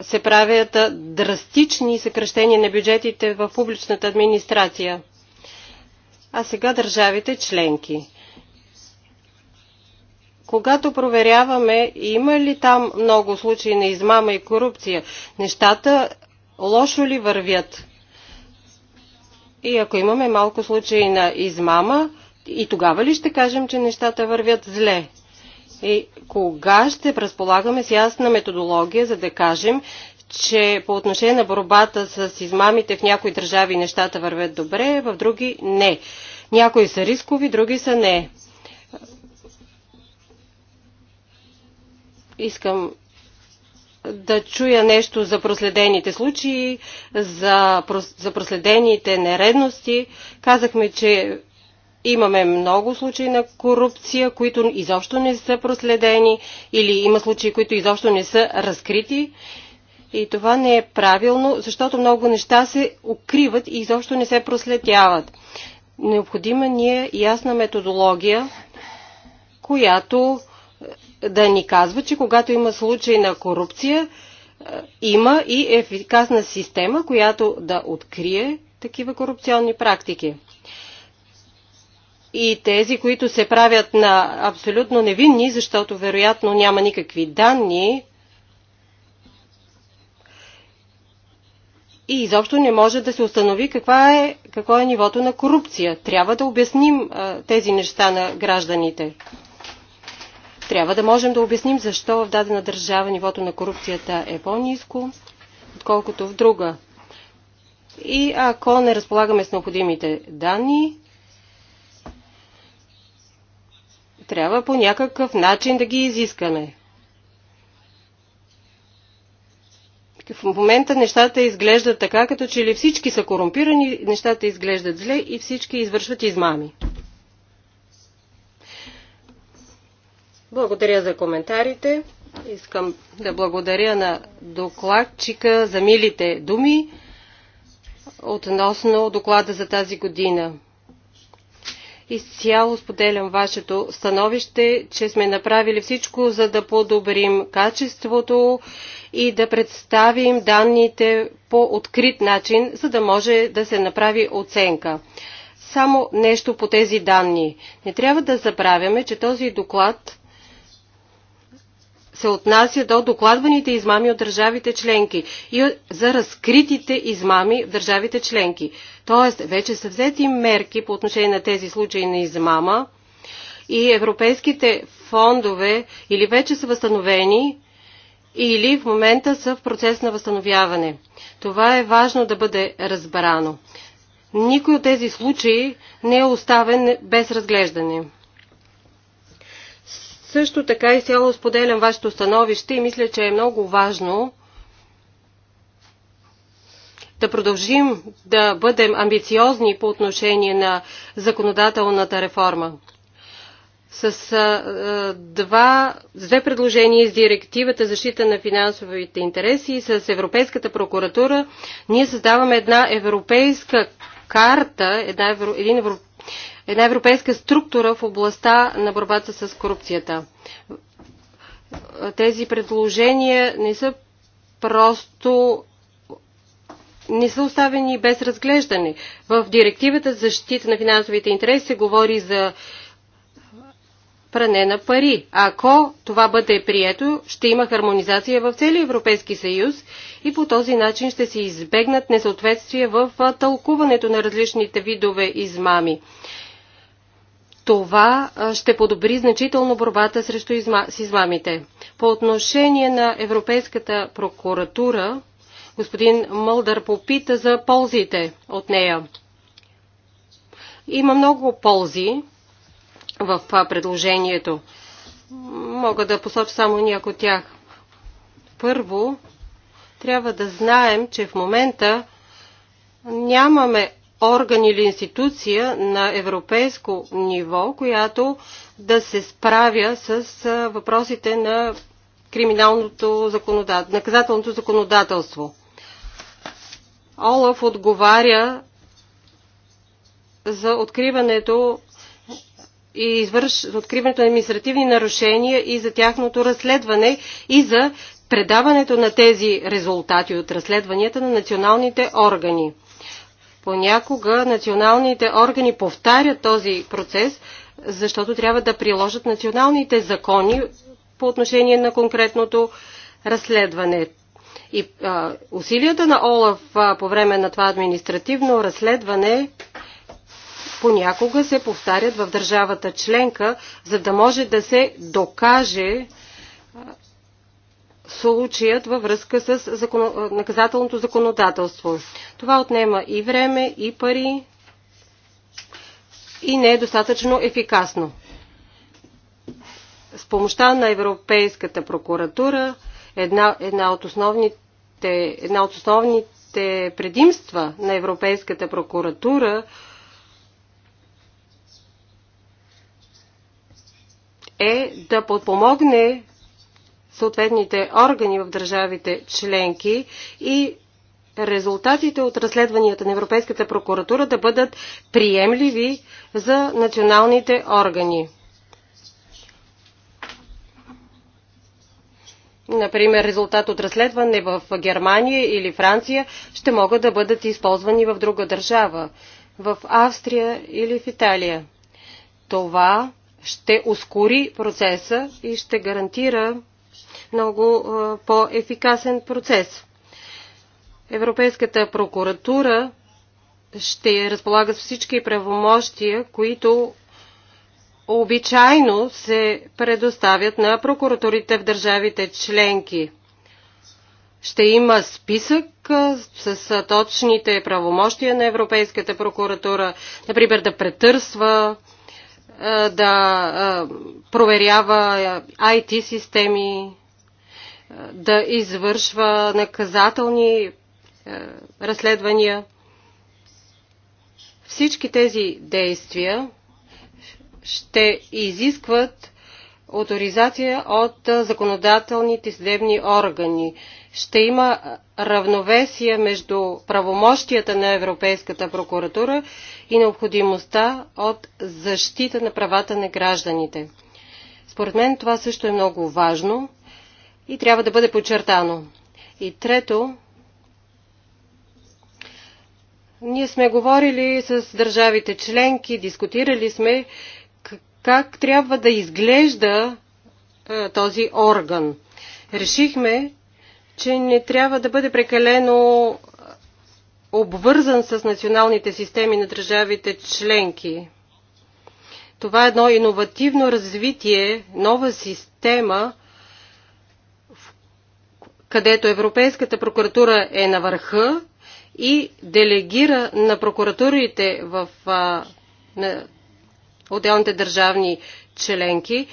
се правят драстични съкръщения на бюджетите в публичната администрация. А сега държавите членки. Когато проверяваме има ли там много случаи на измама и корупция, нещата лошо ли вървят? И ако имаме малко случаи на измама, и тогава ли ще кажем, че нещата вървят зле? И кога ще разполагаме с ясна методология, за да кажем, че по отношение на борбата с измамите в някои държави нещата вървят добре, в други не. Някои са рискови, други са не. Искам да чуя нещо за проследените случаи, за, за проследените нередности. Казахме, че имаме много случаи на корупция, които изобщо не са проследени или има случаи, които изобщо не са разкрити. И това не е правилно, защото много неща се укриват и изобщо не се проследяват. Необходима ни е ясна методология, която да ни казва, че когато има случай на корупция, е, има и ефикасна система, която да открие такива корупционни практики. И тези, които се правят на абсолютно невинни, защото вероятно няма никакви данни и изобщо не може да се установи каква е, какво е нивото на корупция. Трябва да обясним а, е, тези неща на гражданите. Трябва да можем да обясним защо в дадена държава нивото на корупцията е по-низко, отколкото в друга. И ако не разполагаме с необходимите данни, трябва по някакъв начин да ги изискаме. В момента нещата изглеждат така, като че ли всички са корумпирани, нещата изглеждат зле и всички извършват измами. Благодаря за коментарите. Искам да благодаря на докладчика за милите думи относно доклада за тази година. Изцяло споделям вашето становище, че сме направили всичко, за да подобрим качеството и да представим данните по открит начин, за да може да се направи оценка. Само нещо по тези данни. Не трябва да забравяме, че този доклад се отнася до докладваните измами от държавите членки и за разкритите измами в държавите членки. Тоест, вече са взети мерки по отношение на тези случаи на измама и европейските фондове или вече са възстановени, или в момента са в процес на възстановяване. Това е важно да бъде разбрано. Никой от тези случаи не е оставен без разглеждане. Също така и сяло споделям вашето становище и мисля, че е много важно да продължим да бъдем амбициозни по отношение на законодателната реформа. С а, два, две предложения с директивата защита на финансовите интереси и с Европейската прокуратура ние създаваме една европейска карта, една евро, един една европейска структура в областта на борбата с корупцията. Тези предложения не са просто не са оставени без разглеждане. В директивата за защита на финансовите интереси се говори за пране на пари. Ако това бъде прието, ще има хармонизация в целия Европейски съюз и по този начин ще се избегнат несъответствия в тълкуването на различните видове измами. Това ще подобри значително борбата срещу изма, с измамите. По отношение на Европейската прокуратура, господин Мълдър попита за ползите от нея. Има много ползи в предложението. Мога да посоча само някои от тях. Първо, трябва да знаем, че в момента нямаме орган или институция на европейско ниво, която да се справя с въпросите на криминалното законодателство, наказателното законодателство. Олаф отговаря за откриването и извърш, откриването на административни нарушения и за тяхното разследване и за предаването на тези резултати от разследванията на националните органи. Понякога националните органи повтарят този процес, защото трябва да приложат националните закони по отношение на конкретното разследване. И а, усилията на Олаф а, по време на това административно разследване понякога се повтарят в държавата членка, за да може да се докаже случаят във връзка с закон... наказателното законодателство. Това отнема и време, и пари, и не е достатъчно ефикасно. С помощта на Европейската прокуратура, една, една, от, основните, една от основните предимства на Европейската прокуратура е да подпомогне съответните органи в държавите членки и резултатите от разследванията на Европейската прокуратура да бъдат приемливи за националните органи. Например, резултат от разследване в Германия или Франция ще могат да бъдат използвани в друга държава, в Австрия или в Италия. Това ще ускори процеса и ще гарантира много по-ефикасен процес. Европейската прокуратура ще разполага с всички правомощия, които обичайно се предоставят на прокуратурите в държавите членки. Ще има списък с точните правомощия на Европейската прокуратура, например да претърсва, да проверява IT системи, да извършва наказателни е, разследвания. Всички тези действия ще изискват авторизация от е, законодателните съдебни органи. Ще има равновесие между правомощията на Европейската прокуратура и необходимостта от защита на правата на гражданите. Според мен това също е много важно, и трябва да бъде подчертано. И трето, ние сме говорили с държавите членки, дискутирали сме как трябва да изглежда този орган. Решихме, че не трябва да бъде прекалено обвързан с националните системи на държавите членки. Това е едно иновативно развитие, нова система, където Европейската прокуратура е на върха и делегира на прокуратурите в а, на отделните държавни членки,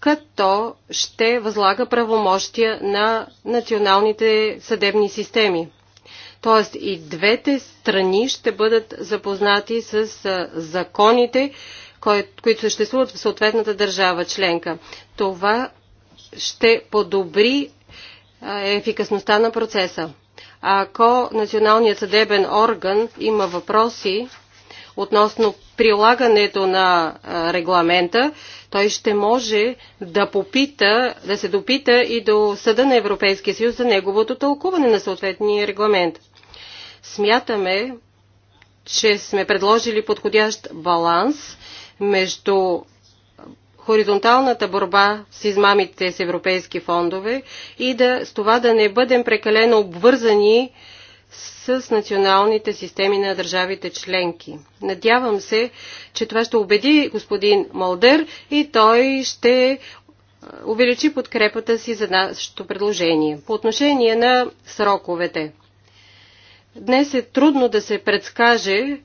като ще възлага правомощия на националните съдебни системи. Тоест и двете страни ще бъдат запознати с законите, които съществуват в съответната държава членка. Това ще подобри ефикасността на процеса. А ако Националният съдебен орган има въпроси относно прилагането на регламента, той ще може да попита, да се допита и до Съда на Европейския съюз за неговото тълкуване на съответния регламент. Смятаме, че сме предложили подходящ баланс между хоризонталната борба с измамите с европейски фондове и да, с това да не бъдем прекалено обвързани с националните системи на държавите членки. Надявам се, че това ще убеди господин Молдер и той ще увеличи подкрепата си за нашето предложение. По отношение на сроковете. Днес е трудно да се предскаже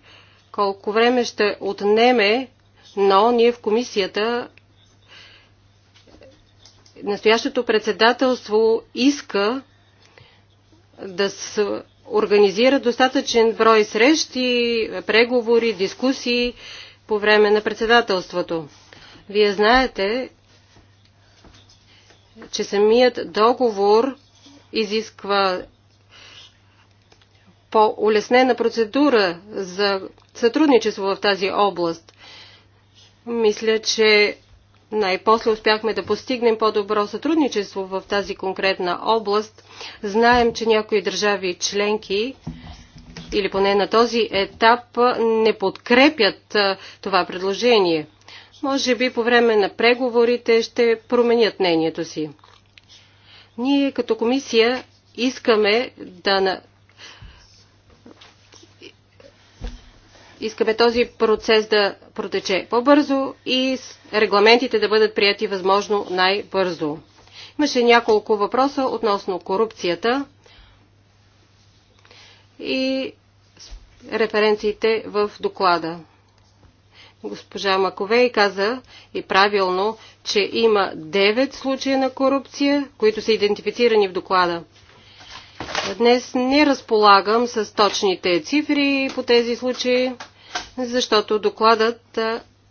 колко време ще отнеме, но ние в комисията настоящото председателство иска да се организира достатъчен брой срещи, преговори, дискусии по време на председателството. Вие знаете, че самият договор изисква по-улеснена процедура за сътрудничество в тази област. Мисля, че най-после успяхме да постигнем по-добро сътрудничество в тази конкретна област. Знаем, че някои държави членки или поне на този етап не подкрепят това предложение. Може би по време на преговорите ще променят мнението си. Ние като комисия искаме да Искаме този процес да протече по-бързо и регламентите да бъдат прияти възможно най-бързо. Имаше няколко въпроса относно корупцията и референциите в доклада. Госпожа Маковей каза и правилно, че има 9 случая на корупция, които са идентифицирани в доклада. Днес не разполагам с точните цифри по тези случаи, защото докладът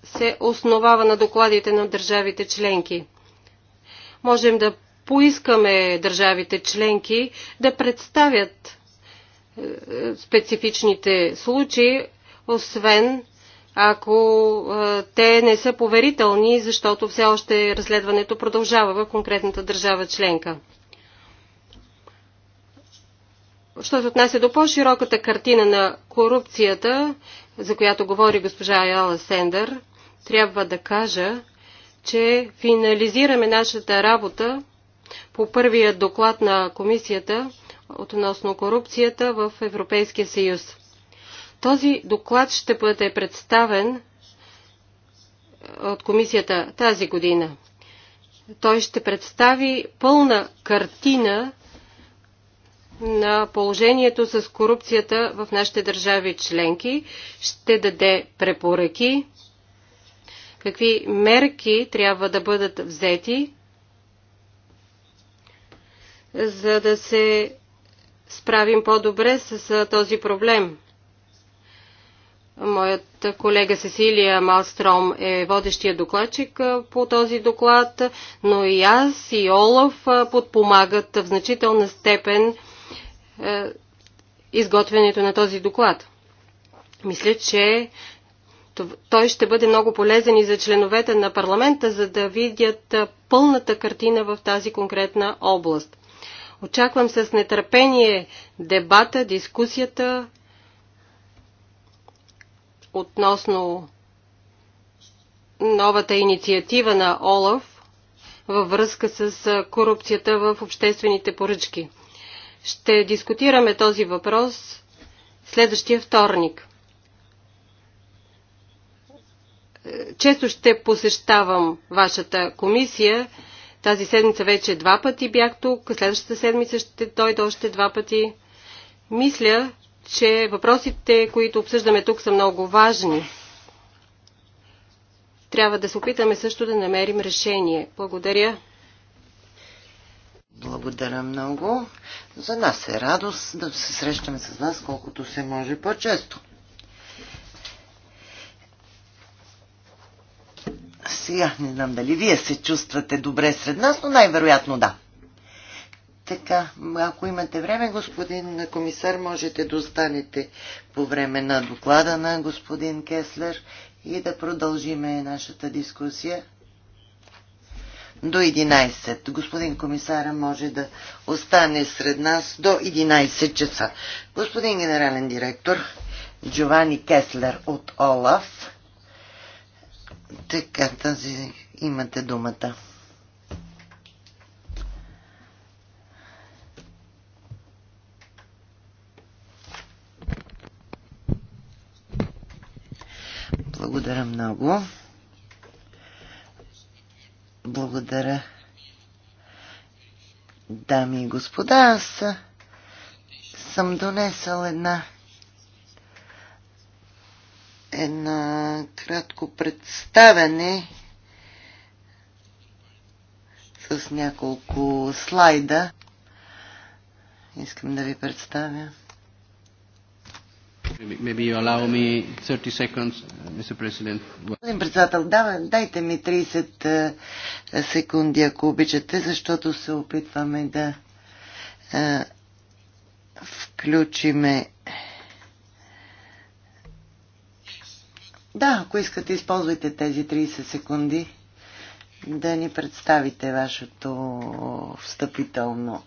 се основава на докладите на държавите членки. Можем да поискаме държавите членки да представят специфичните случаи, освен ако те не са поверителни, защото все още разследването продължава в конкретната държава членка. Що се отнася до по-широката картина на корупцията, за която говори госпожа Айала Сендър, трябва да кажа, че финализираме нашата работа по първия доклад на комисията относно корупцията в Европейския съюз. Този доклад ще бъде представен от комисията тази година. Той ще представи пълна картина на положението с корупцията в нашите държави членки, ще даде препоръки, какви мерки трябва да бъдат взети, за да се справим по-добре с този проблем. Моят колега Сесилия Малстром е водещия докладчик по този доклад, но и аз и Олаф подпомагат в значителна степен е, изготвянето на този доклад. Мисля, че той ще бъде много полезен и за членовете на парламента, за да видят е, пълната картина в тази конкретна област. Очаквам с нетърпение дебата, дискусията относно новата инициатива на ОЛАФ във връзка с е, корупцията в обществените поръчки. Ще дискутираме този въпрос следващия вторник. Често ще посещавам вашата комисия. Тази седмица вече два пъти бях тук, следващата седмица ще дойда още два пъти. Мисля, че въпросите, които обсъждаме тук, са много важни. Трябва да се опитаме също да намерим решение. Благодаря. Благодаря много. За нас е радост да се срещаме с вас колкото се може по-често. Сега не знам дали вие се чувствате добре сред нас, но най-вероятно да. Така, ако имате време, господин комисар, можете да останете по време на доклада на господин Кеслер и да продължиме нашата дискусия до 11. Господин комисара може да остане сред нас до 11 часа. Господин генерален директор Джовани Кеслер от ОЛАФ. Така, тази имате думата. Благодаря много. Благодаря. Дами и господа, аз съм донесъл една една кратко представяне с няколко слайда. Искам да ви представя. Uh, Господин председател, дайте ми 30 е, секунди, ако обичате, защото се опитваме да е, включиме. Да, ако искате, използвайте тези 30 секунди да ни представите вашето встъпително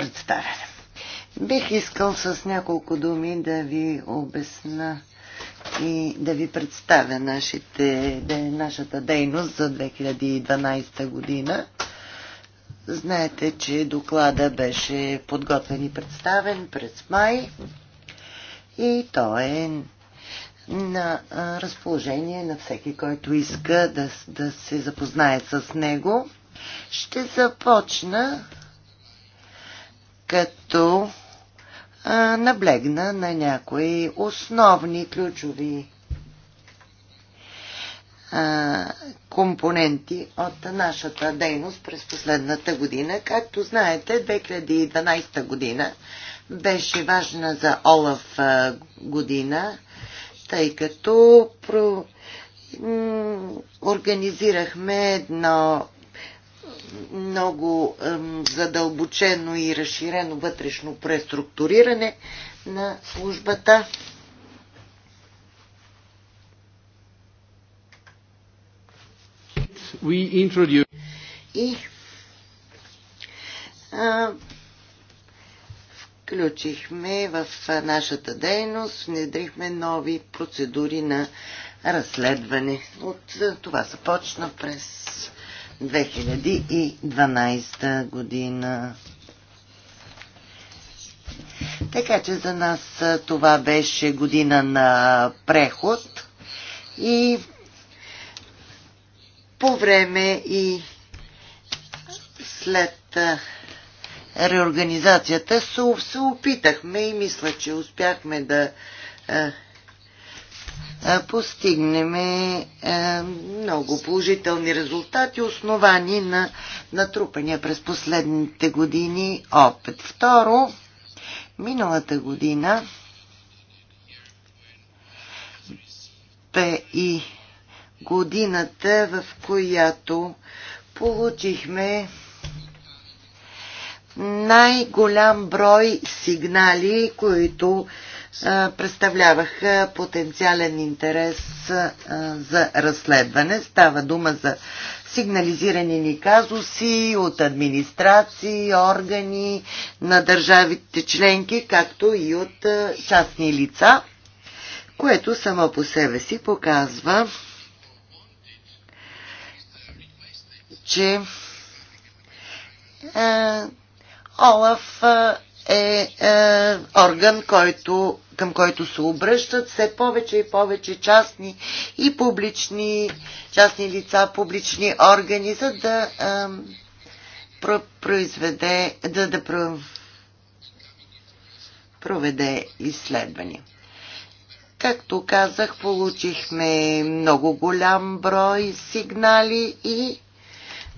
представяне. Бих искал с няколко думи да ви обясна и да ви представя нашите, нашата дейност за 2012 година. Знаете, че доклада беше подготвен и представен през май и то е на разположение на всеки, който иска да, да се запознае с него. Ще започна като а, наблегна на някои основни ключови а, компоненти от нашата дейност през последната година. Както знаете, 2012 година беше важна за Олаф година, тъй като про... организирахме едно много задълбочено и разширено вътрешно преструктуриране на службата. We introduce... И а, включихме в нашата дейност, внедрихме нови процедури на разследване. От това започна през 2012 година. Така че за нас това беше година на преход и по време и след реорганизацията се, опитахме и мисля, че успяхме да постигнем е, е, много положителни резултати, основани на натрупания през последните години опит. Второ, миналата година бе и годината, в която получихме най-голям брой сигнали, които представляваха потенциален интерес за разследване. Става дума за сигнализирани ни казуси от администрации, органи на държавите членки, както и от частни лица, което само по себе си показва, че Олаф е, е орган, който, към който се обръщат все повече и повече частни и публични, частни лица, публични органи, за да е, про произведе, да, да про проведе изследвания. Както казах, получихме много голям брой сигнали и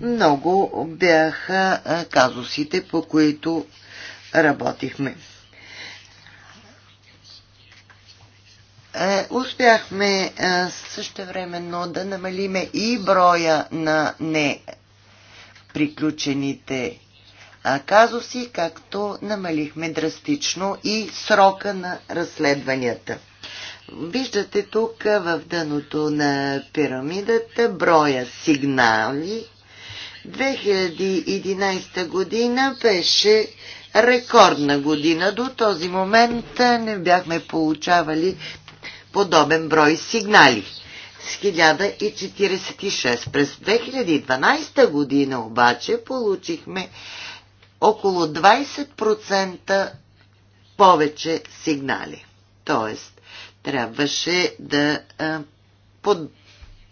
много бяха е, казусите, по които работихме. Е, успяхме е, същевременно да намалиме и броя на неприключените казуси, както намалихме драстично и срока на разследванията. Виждате тук е, в дъното на пирамидата броя сигнали. 2011 година беше рекордна година. До този момент не бяхме получавали подобен брой сигнали. С 1046. През 2012 година обаче получихме около 20% повече сигнали. Тоест, трябваше да, а, под,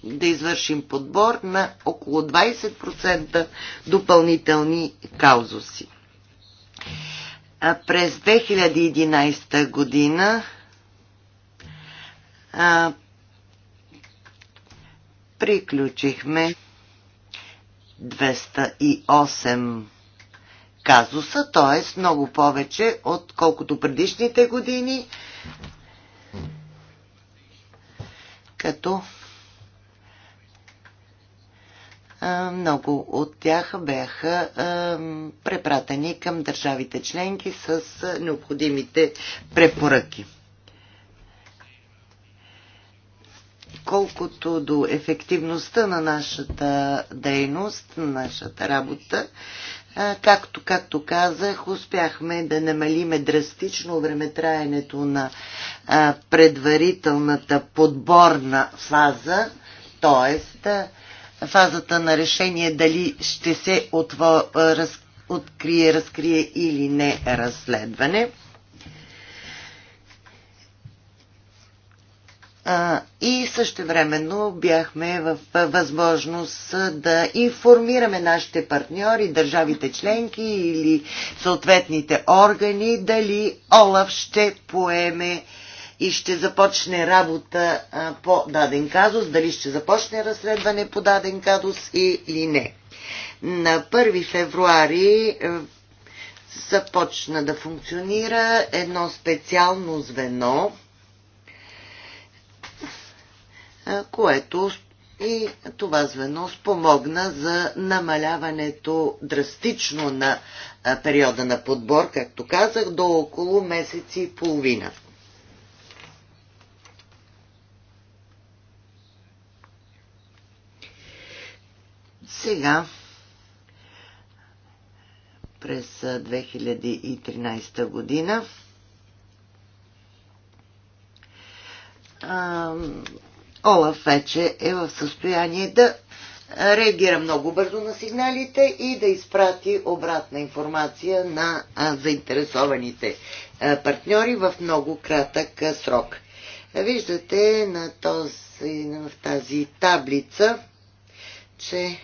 да извършим подбор на около 20% допълнителни каузуси. През 2011 година а, приключихме 208 казуса, т.е. много повече, отколкото предишните години, като много от тях бяха препратени към държавите членки с необходимите препоръки. Колкото до ефективността на нашата дейност, на нашата работа, Както, както казах, успяхме да намалиме драстично времетраенето на предварителната подборна фаза, т.е фазата на решение дали ще се отво, раз, открие, разкрие или не разследване. и същевременно бяхме в възможност да информираме нашите партньори, държавите членки или съответните органи, дали Олаф ще поеме и ще започне работа по даден казус, дали ще започне разследване по даден казус или не. На 1 февруари е, започна да функционира едно специално звено, което и това звено спомогна за намаляването драстично на периода на подбор, както казах, до около месец и половина. Сега, през 2013 година, Олаф вече е в състояние да реагира много бързо на сигналите и да изпрати обратна информация на заинтересованите партньори в много кратък срок. Виждате на, този, в тази таблица, че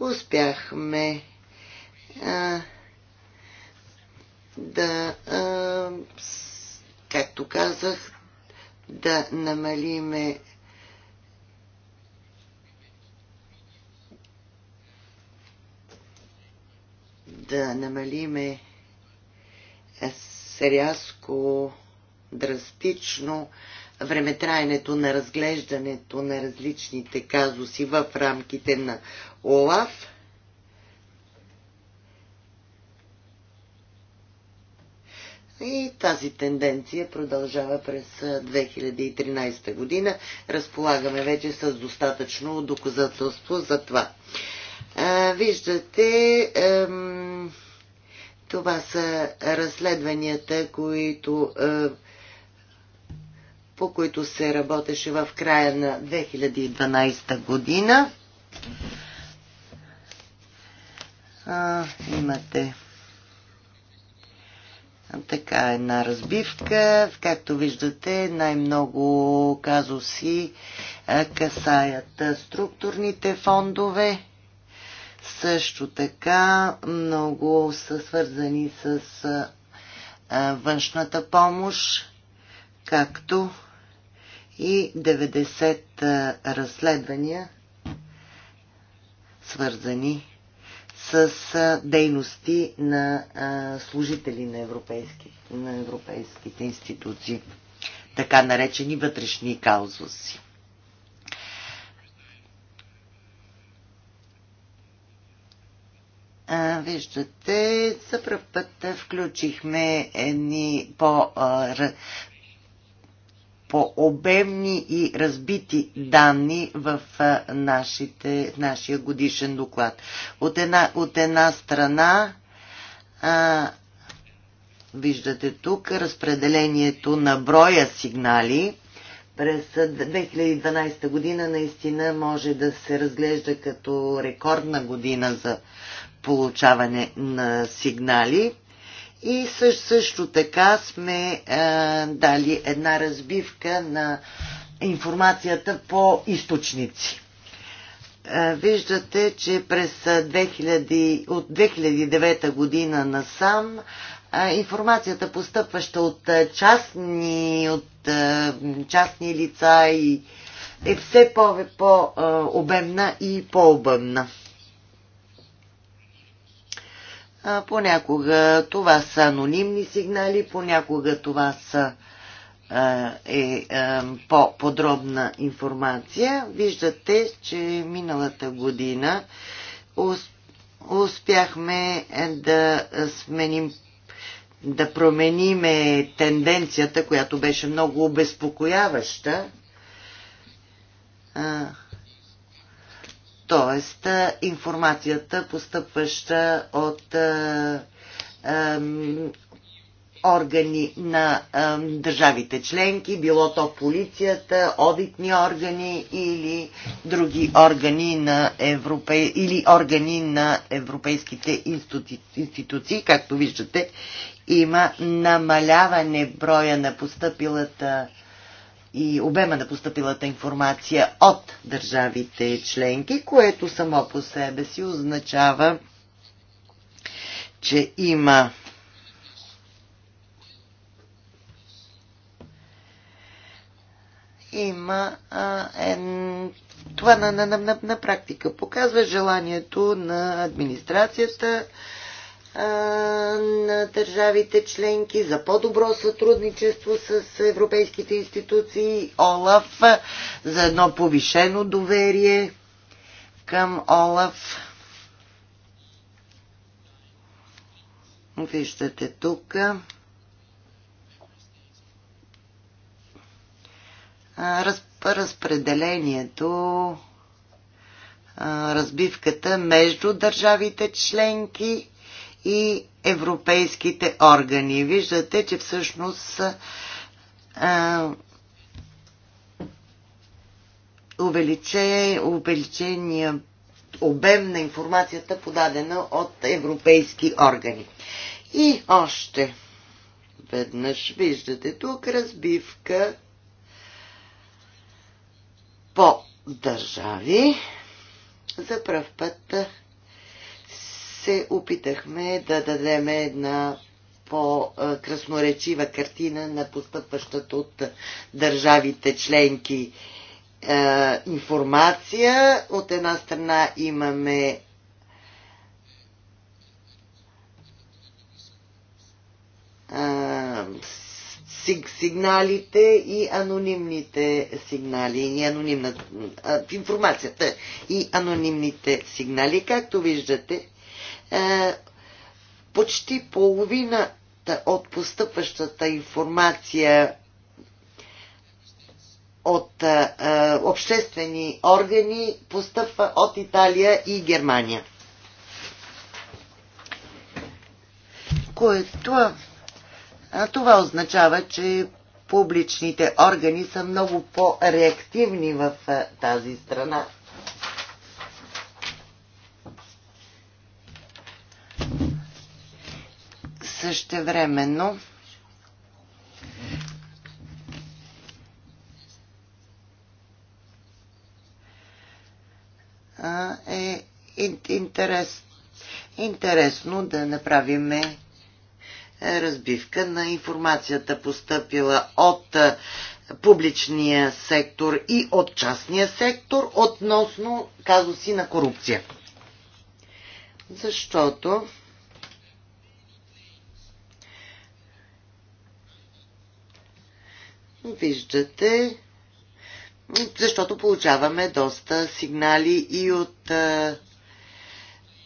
успяхме а, да, а, както казах, да намалиме да намалиме рязко, драстично времетраенето на разглеждането на различните казуси в рамките на ОЛАФ. И тази тенденция продължава през 2013 година. Разполагаме вече с достатъчно доказателство за това. А, виждате, ем, това са разследванията, които е, по които се работеше в края на 2012 година. А, имате така една разбивка. Както виждате, най-много казуси касаят структурните фондове. Също така много са свързани с външната помощ, както и 90 разследвания, свързани с дейности на служители на, европейски, на европейските институции, така наречени вътрешни каузуси. виждате, за първ път включихме едни по, по обемни и разбити данни в нашите, нашия годишен доклад. От една, от една страна а, виждате тук разпределението на броя сигнали. През 2012 година наистина може да се разглежда като рекордна година за получаване на сигнали. И също, също така сме а, е, дали една разбивка на информацията по източници. А, е, виждате, че през 2000, е, от 2009 година насам а, информацията постъпваща от частни, от а, частни лица и е все по-обемна по, и по-обемна. по обемна а, понякога това са анонимни сигнали, понякога това са е, е, по-подробна информация. Виждате, че миналата година успяхме да сменим да промениме тенденцията, която беше много обезпокояваща. Т.е. информацията, постъпваща от а, а, органи на а, държавите членки, било то полицията, одитни органи или други органи на Европе... или органи на европейските институции. институции. Както виждате, има намаляване броя на постъпилата и обема на поступилата информация от държавите членки, което само по себе си означава, че има има а, е, това на, на, на, на практика показва желанието на администрацията на държавите членки за по-добро сътрудничество с европейските институции, ОЛАФ, за едно повишено доверие към ОЛАФ. Виждате тук. разпределението, разбивката между държавите членки и европейските органи. Виждате, че всъщност а, увелича, увеличения обем на информацията, подадена от европейски органи. И още веднъж виждате тук разбивка по държави. За пръв път се опитахме да дадем една по-красноречива картина на постъпващата от държавите членки е, информация. От една страна имаме е, сигналите и анонимните сигнали, и анонимна, е, информацията и анонимните сигнали. Както виждате, е, почти половината от постъпващата информация от е, е, обществени органи постъпва от Италия и Германия. Което а, е, това означава, че публичните органи са много по-реактивни в тази страна Същевременно е интерес, интересно да направим е, разбивка на информацията, постъпила от е, публичния сектор и от частния сектор относно казуси на корупция. Защото виждате, защото получаваме доста сигнали и от а,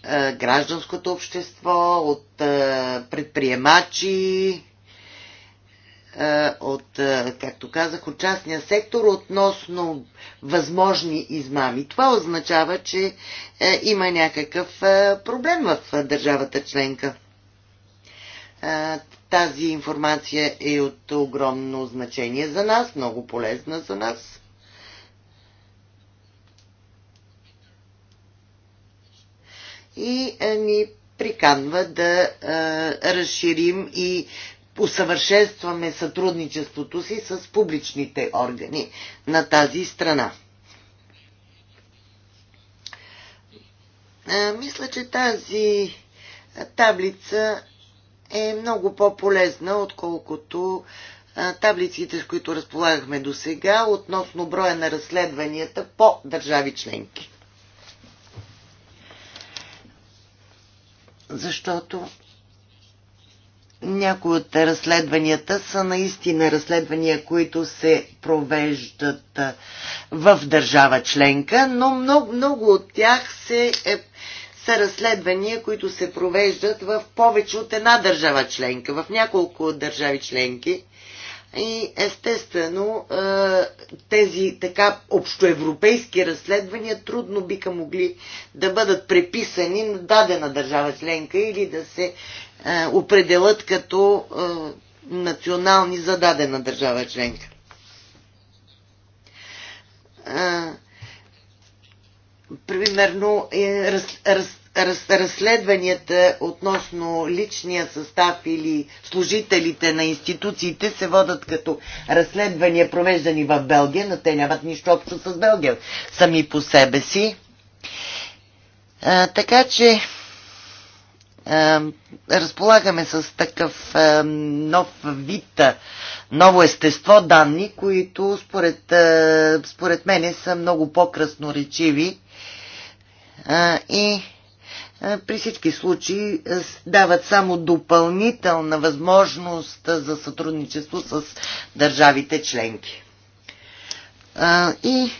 а, гражданското общество, от а, предприемачи, а, от, а, както казах, от частния сектор относно възможни измами. Това означава, че а, е, има някакъв а, е, проблем в а, държавата членка. А, тази информация е от огромно значение за нас, много полезна за нас. И е, ни приканва да е, разширим и усъвършенстваме сътрудничеството си с публичните органи на тази страна. Е, мисля, че тази таблица е много по-полезна, отколкото таблиците, с които разполагахме до сега, относно броя на разследванията по държави членки. Защото някои от разследванията са наистина разследвания, които се провеждат в държава членка, но много, много от тях се е, са разследвания, които се провеждат в повече от една държава членка, в няколко държави членки. И естествено, е, тези така общоевропейски разследвания трудно биха могли да бъдат преписани на дадена държава членка или да се е, определят като е, национални за дадена държава членка примерно е, раз, раз, раз, разследванията относно личния състав или служителите на институциите се водат като разследвания, провеждани в Белгия, но те нямат нищо общо с Белгия сами по себе си. А, така че а, разполагаме с такъв а, нов вид, ново естество данни, които според, а, според мене са много по-красноречиви и при всички случаи дават само допълнителна възможност за сътрудничество с държавите членки. И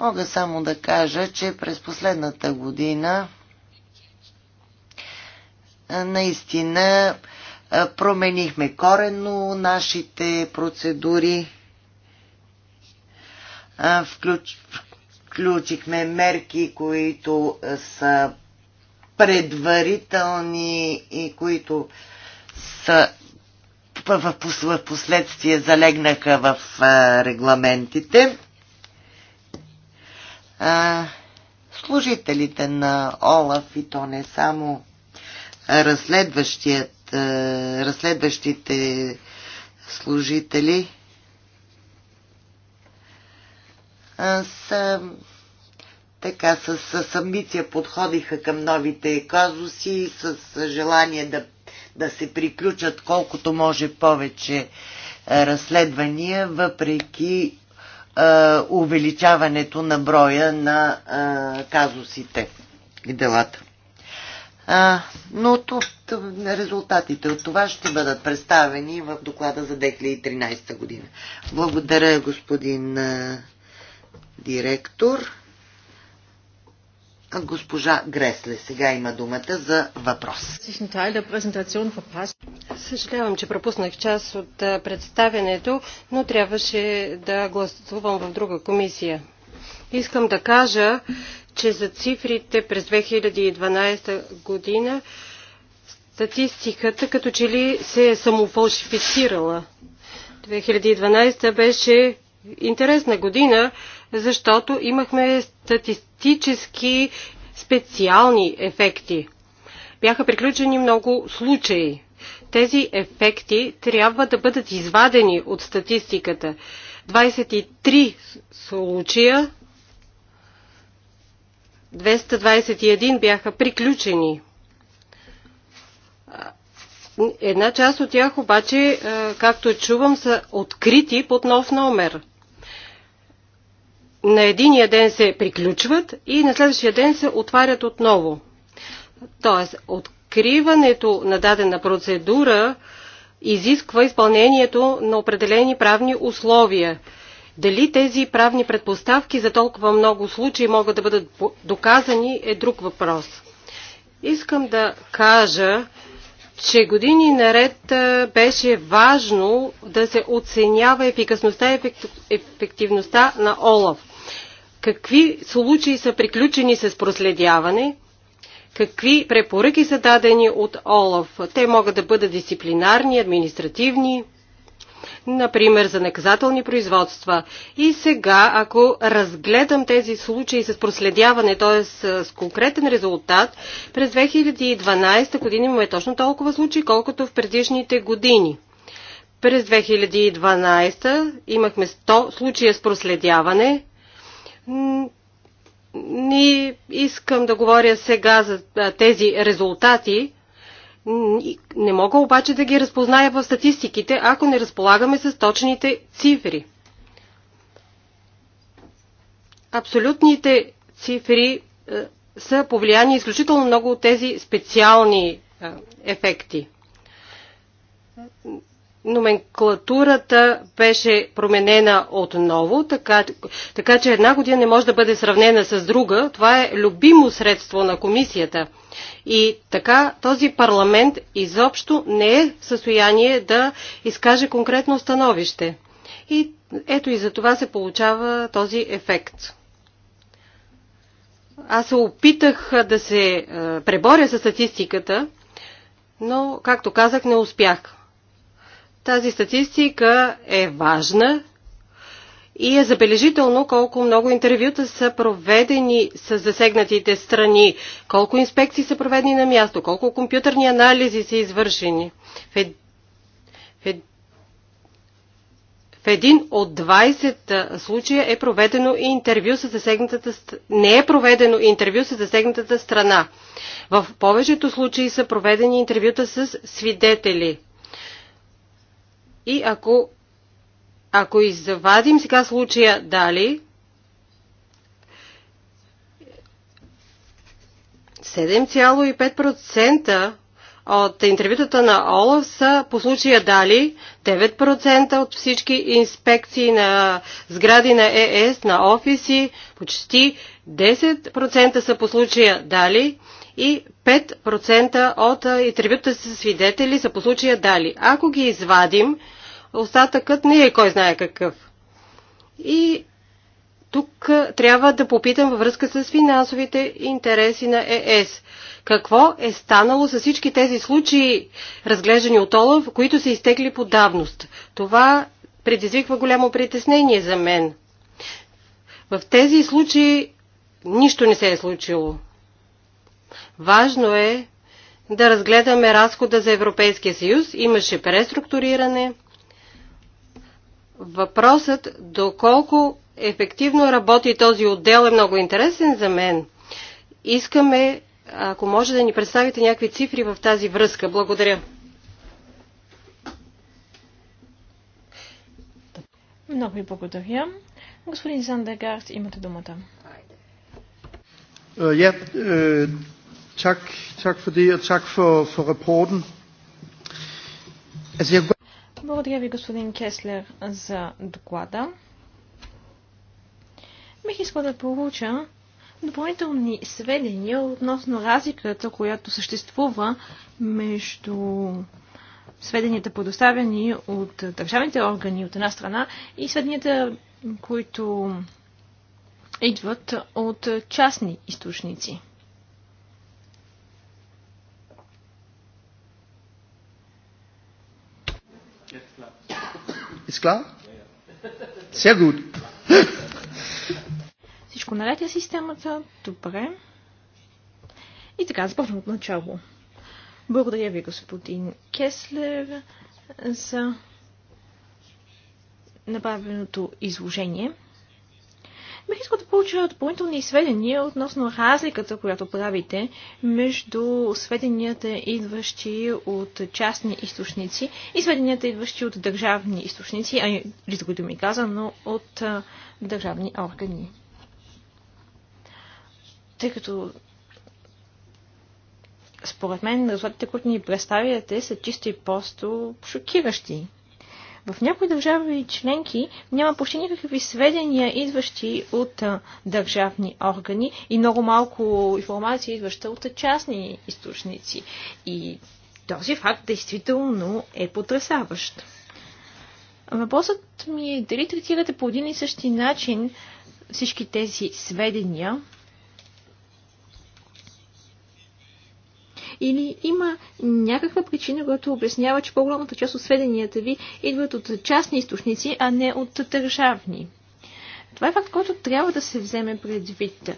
мога само да кажа, че през последната година наистина променихме корено нашите процедури, включихме мерки, които са предварителни и които са в последствие залегнаха в регламентите. Служителите на ОЛАФ и то не само разследващите служители с, така, с, с амбиция подходиха към новите казуси, с желание да, да се приключат колкото може повече разследвания, въпреки а, увеличаването на броя на а, казусите и делата. А, но резултатите от това ще бъдат представени в доклада за 2013 година. Благодаря, господин директор. Госпожа Гресле сега има думата за въпрос. Съжалявам, че пропуснах част от представянето, но трябваше да гласувам в друга комисия. Искам да кажа, че за цифрите през 2012 година статистиката като че ли се е самофалшифицирала. 2012 беше интересна година, защото имахме статистически специални ефекти. Бяха приключени много случаи. Тези ефекти трябва да бъдат извадени от статистиката. 23 случая, 221 бяха приключени. Една част от тях обаче, е, както чувам, са открити под нов номер – на единия ден се приключват и на следващия ден се отварят отново. Тоест, откриването на дадена процедура изисква изпълнението на определени правни условия. Дали тези правни предпоставки за толкова много случаи могат да бъдат доказани е друг въпрос. Искам да кажа, че години наред беше важно да се оценява ефикасността и ефективността на Олав какви случаи са приключени с проследяване, какви препоръки са дадени от ОЛАФ. Те могат да бъдат дисциплинарни, административни, например за наказателни производства. И сега, ако разгледам тези случаи с проследяване, т.е. с конкретен резултат, през 2012 година имаме точно толкова случаи, колкото в предишните години. През 2012 имахме 100 случая с проследяване, не искам да говоря сега за тези резултати. Не мога обаче да ги разпозная в статистиките, ако не разполагаме с точните цифри. Абсолютните цифри са повлияни изключително много от тези специални ефекти номенклатурата беше променена отново, така, така че една година не може да бъде сравнена с друга. Това е любимо средство на комисията. И така този парламент изобщо не е в състояние да изкаже конкретно становище. И ето и за това се получава този ефект. Аз се опитах да се е, преборя с статистиката, но, както казах, не успях. Тази статистика е важна и е забележително колко много интервюта са проведени с засегнатите страни, колко инспекции са проведени на място, колко компютърни анализи са извършени. В, ед... в, ед... в един от 20 случая е проведено и интервю с засегнатата не е проведено интервю с засегнатата страна. В повечето случаи са проведени интервюта с свидетели – и ако, ако извадим сега случая Дали, 7,5% от интервютата на Олаф са по случая дали 9% от всички инспекции на сгради на ЕС, на офиси, почти 10% са по случая дали и 5% от интервютата с свидетели са по случая дали. Ако ги извадим, остатъкът не е кой знае какъв. И тук трябва да попитам във връзка с финансовите интереси на ЕС. Какво е станало с всички тези случаи, разглеждани от Олаф, които са изтекли по давност? Това предизвиква голямо притеснение за мен. В тези случаи нищо не се е случило. Важно е да разгледаме разхода за Европейския съюз. Имаше преструктуриране – Въпросът доколко ефективно работи този отдел е много интересен за мен. Искаме, ако може да ни представите някакви цифри в тази връзка. Благодаря. Много ви благодаря. Господин Зандегард, имате думата. Ja, tak, tak for det, og tak for, for rapporten. Altså, jeg благодаря ви, господин Кеслер, за доклада. Бих искал да получа допълнителни сведения относно разликата, която съществува между сведенията, предоставени от държавните органи от една страна и сведенията, които идват от частни източници. Ist klar? Sehr gut. Всичко наред е системата. Добре. И така, започвам от начало. Благодаря ви, господин Кеслер, за направеното изложение. Бих искал да получа допълнителни сведения относно разликата, която правите между сведенията, идващи от частни източници и сведенията, идващи от държавни източници, а ли за ми но от а, държавни органи. Тъй като според мен резултатите, които ни представяте, са чисто и просто шокиращи. В някои държави и членки няма почти никакви сведения, идващи от държавни органи и много малко информация, идваща от частни източници. И този факт действително е потрясаващ. Въпросът ми е дали третирате по един и същи начин всички тези сведения Или има някаква причина, която обяснява, че по-голямата част от сведенията ви идват от частни източници, а не от държавни. Това е факт, който трябва да се вземе предвид.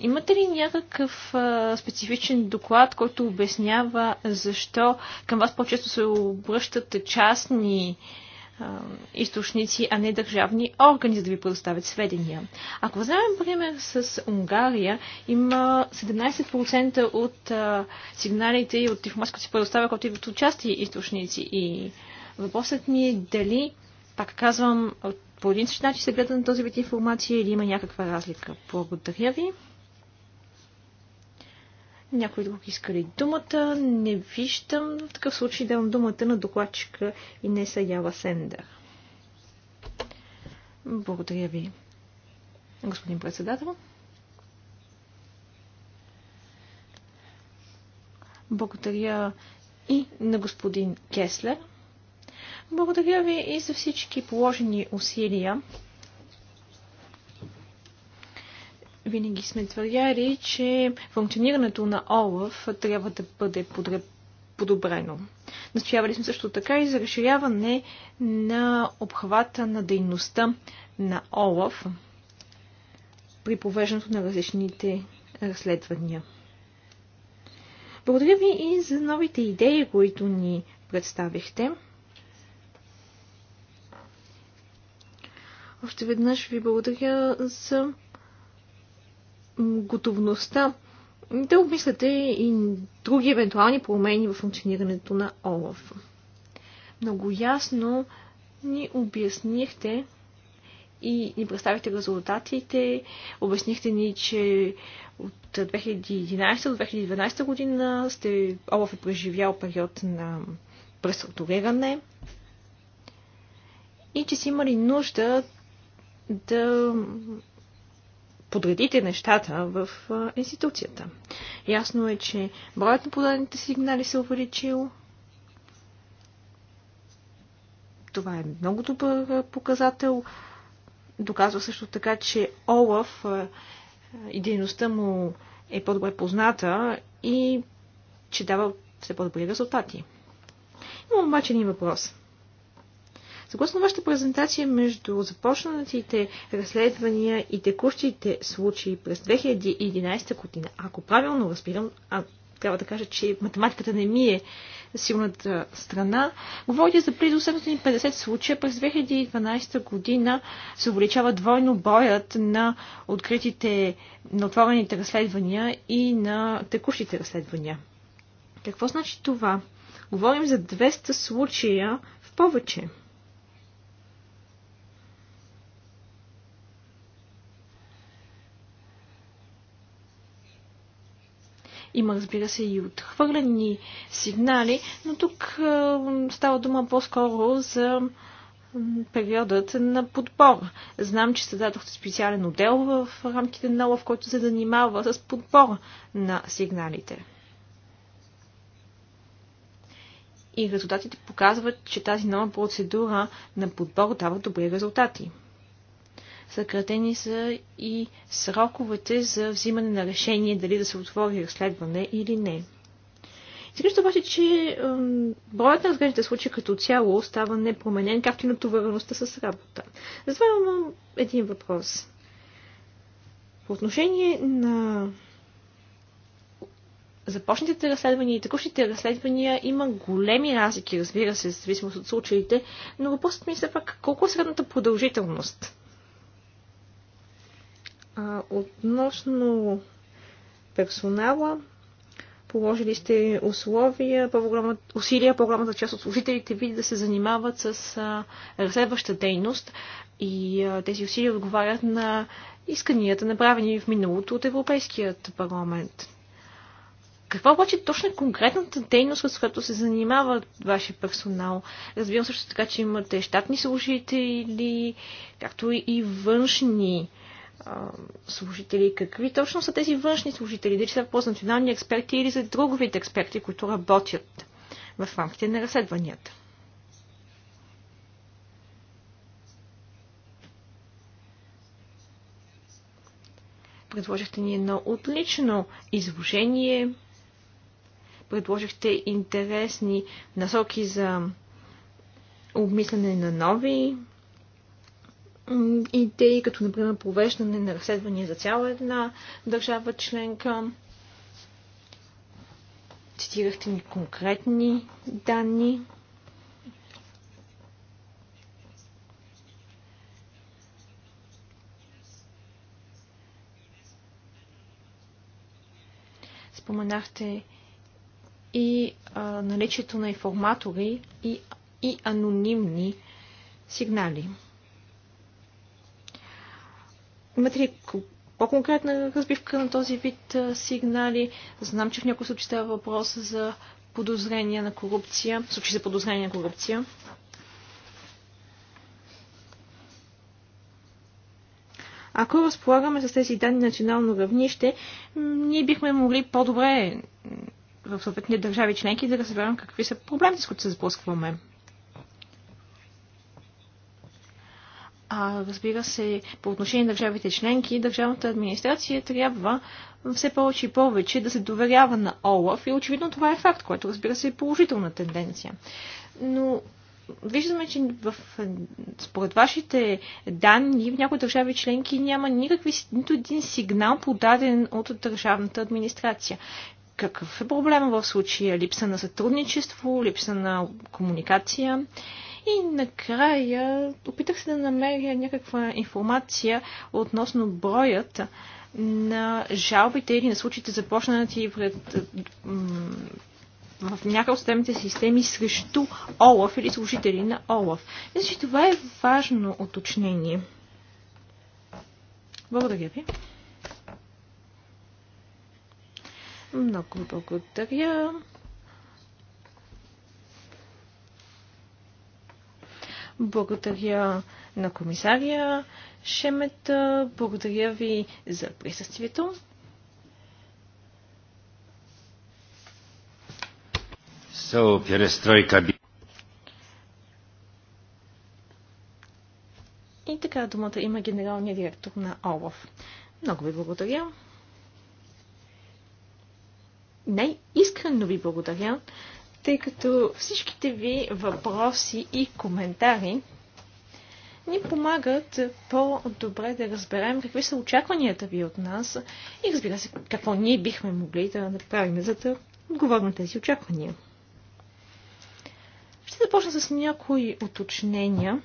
Имате ли някакъв а, специфичен доклад, който обяснява защо към вас по-често се обръщат частни а, източници, а не държавни органи, за да ви предоставят сведения. Ако вземем пример с Унгария, има 17% от а, сигналите и от информация, които се предоставя, които идват от части източници. И въпросът ми е дали, пак казвам, по един начин се гледа на този вид информация или има някаква разлика. Благодаря ви. Някой друг иска ли думата? Не виждам. В такъв случай давам думата на докладчика Инеса Ява Сендер. Благодаря ви, господин председател. Благодаря и на господин Кеслер. Благодаря ви и за всички положени усилия Винаги сме твърдяли, че функционирането на ОЛАФ трябва да бъде подобрено. Настоявали сме също така и за разширяване на обхвата на дейността на ОЛАФ при повеждането на различните разследвания. Благодаря ви и за новите идеи, които ни представихте. Още веднъж ви благодаря за готовността да обмисляте и други евентуални промени в функционирането на ОЛАФ. Много ясно ни обяснихте и ни представихте резултатите. Обяснихте ни, че от 2011 до 2012 година сте, Олаф е преживял период на преструктуриране и че си имали нужда да подредите нещата в институцията. Ясно е, че броят на подадените сигнали се увеличил. Това е много добър показател. Доказва също така, че Олаф и дейността му е по-добре позната и че дава все по-добри резултати. Имам обаче един въпрос. Съгласно вашата презентация между започнатите разследвания и текущите случаи през 2011 година, ако правилно разбирам, а трябва да кажа, че математиката не ми е силната страна. Говоря за близо 750 случая. През 2012 година се увеличава двойно боят на откритите, на отворените разследвания и на текущите разследвания. Какво значи това? Говорим за 200 случая в повече. Има, разбира се, и отхвърлени сигнали, но тук става дума по-скоро за периодът на подбор. Знам, че създадохте специален отдел в рамките на ЛОВ, който се занимава с подбор на сигналите. И резултатите показват, че тази нова процедура на подбор дава добри резултати. Съкратени са и сроковете за взимане на решение дали да се отвори разследване или не. Изглежда обаче, че броят на разглежданите случаи като цяло остава непроменен, както и натовареността с работа. Затова имам един въпрос. По отношение на започнатите разследвания и текущите разследвания има големи разлики, разбира се, в зависимост от случаите, но въпросът ми е все пак колко е средната продължителност а, относно персонала, положили сте условия, по усилия по-голямата част от служителите ви да се занимават с а, разследваща дейност и а, тези усилия отговарят на исканията, направени в миналото от Европейският парламент. Каква обаче точно е конкретната дейност, с която се занимава вашия персонал? Разбирам също така, че имате щатни служители, както и външни а, служители, какви точно са тези външни служители, дали са по-национални експерти или за друговите експерти, които работят в рамките на разследванията. Предложихте ни едно отлично изложение, предложихте интересни насоки за обмислене на нови идеи, като например провеждане на разследвания за цяла една държава членка. Цитирахте ни конкретни данни. Споменахте и а, наличието на информатори и, и анонимни сигнали. Имате ли по-конкретна разбивка на този вид сигнали? Знам, че в някои случаи става въпрос за подозрения на корупция, случи за подозрения на корупция. Ако разполагаме с тези данни национално равнище, ние бихме могли по-добре в съответните държави членки да разберем какви са проблемите, с които се сблъскваме. А разбира се, по отношение на държавите членки, държавната администрация трябва все повече и повече да се доверява на ОЛАФ и очевидно това е факт, който разбира се е положителна тенденция. Но виждаме, че в, според вашите данни в някои държави членки няма никакви, нито един сигнал подаден от държавната администрация. Какъв е проблема в случая? Липса на сътрудничество, липса на комуникация и накрая опитах се да намеря някаква информация относно броят на жалбите или на случаите започнати пред в някои от системи срещу ОЛАФ или служители на ОЛАФ. Мисля, че това е важно уточнение. Благодаря ви. Много благодаря. Благодаря на комисария Шемета. Благодаря ви за присъствието. So, перестройка И така думата има генералния директор на ОЛАФ. Много ви благодаря. Не, искрено ви благодаря тъй като всичките ви въпроси и коментари ни помагат по-добре да разберем какви са очакванията ви от нас и разбира се какво ние бихме могли да направим, за да отговорим на тези очаквания. Ще започна с някои уточнения.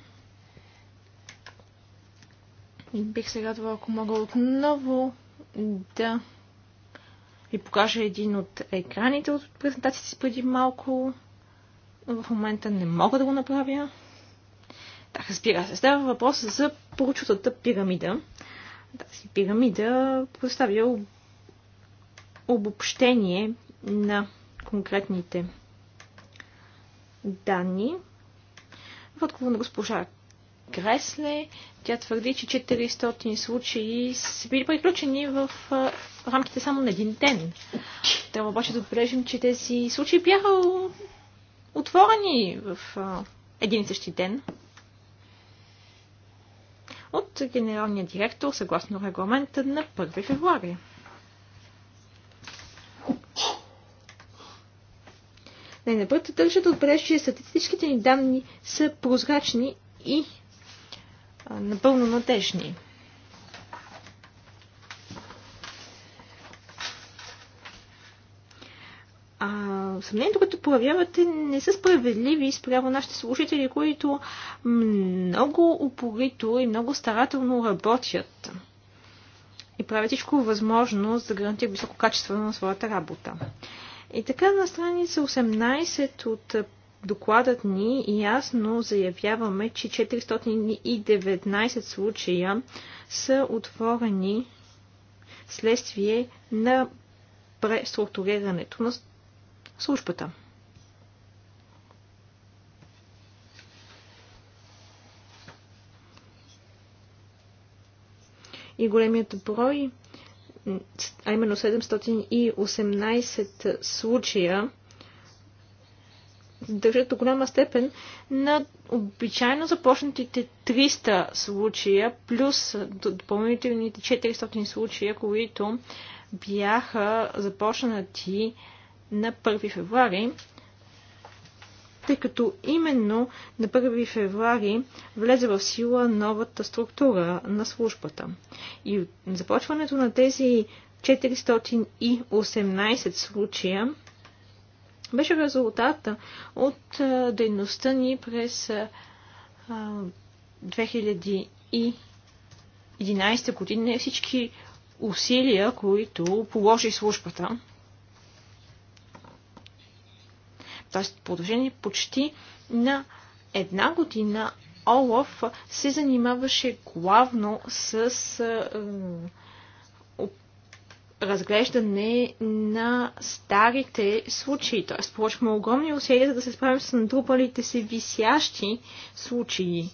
И бих се радвала, ако мога отново да ви покажа един от екраните от презентацията си преди малко. В момента не мога да го направя. Так, разбира се. Става въпрос за поручутата пирамида. Тази пирамида представя обобщение на конкретните данни. В отговор на госпожа Гресле. Тя твърди, че 400 случаи са били приключени в рамките само на един ден. Трябва обаче да отбележим, че тези случаи бяха отворени в един и същи ден от генералния директор съгласно регламента на 1 февруари. Най-напред държа да отбележи, че статистическите ни данни са прозрачни и напълно натешни. съмнението, което проявявате, не са справедливи спрямо нашите служители, които много упорито и много старателно работят и правят всичко възможно за да гарантират високо качество на своята работа. И така на страница 18 от докладът ни ясно заявяваме, че 419 случая са отворени следствие на преструктурирането на службата. И големият брой, а именно 718 случая, държат до голяма степен на обичайно започнатите 300 случая, плюс допълнителните 400 случая, които бяха започнати на 1 февруари, тъй като именно на 1 февруари влезе в сила новата структура на службата. И започването на тези 418 случая беше резултата от дейността ни през 2011 година и всички усилия, които положи службата. Тоест, продължение почти на една година Олаф се занимаваше главно с разглеждане на старите случаи. Т.е. положихме огромни усилия, за да се справим с натрупалите се висящи случаи.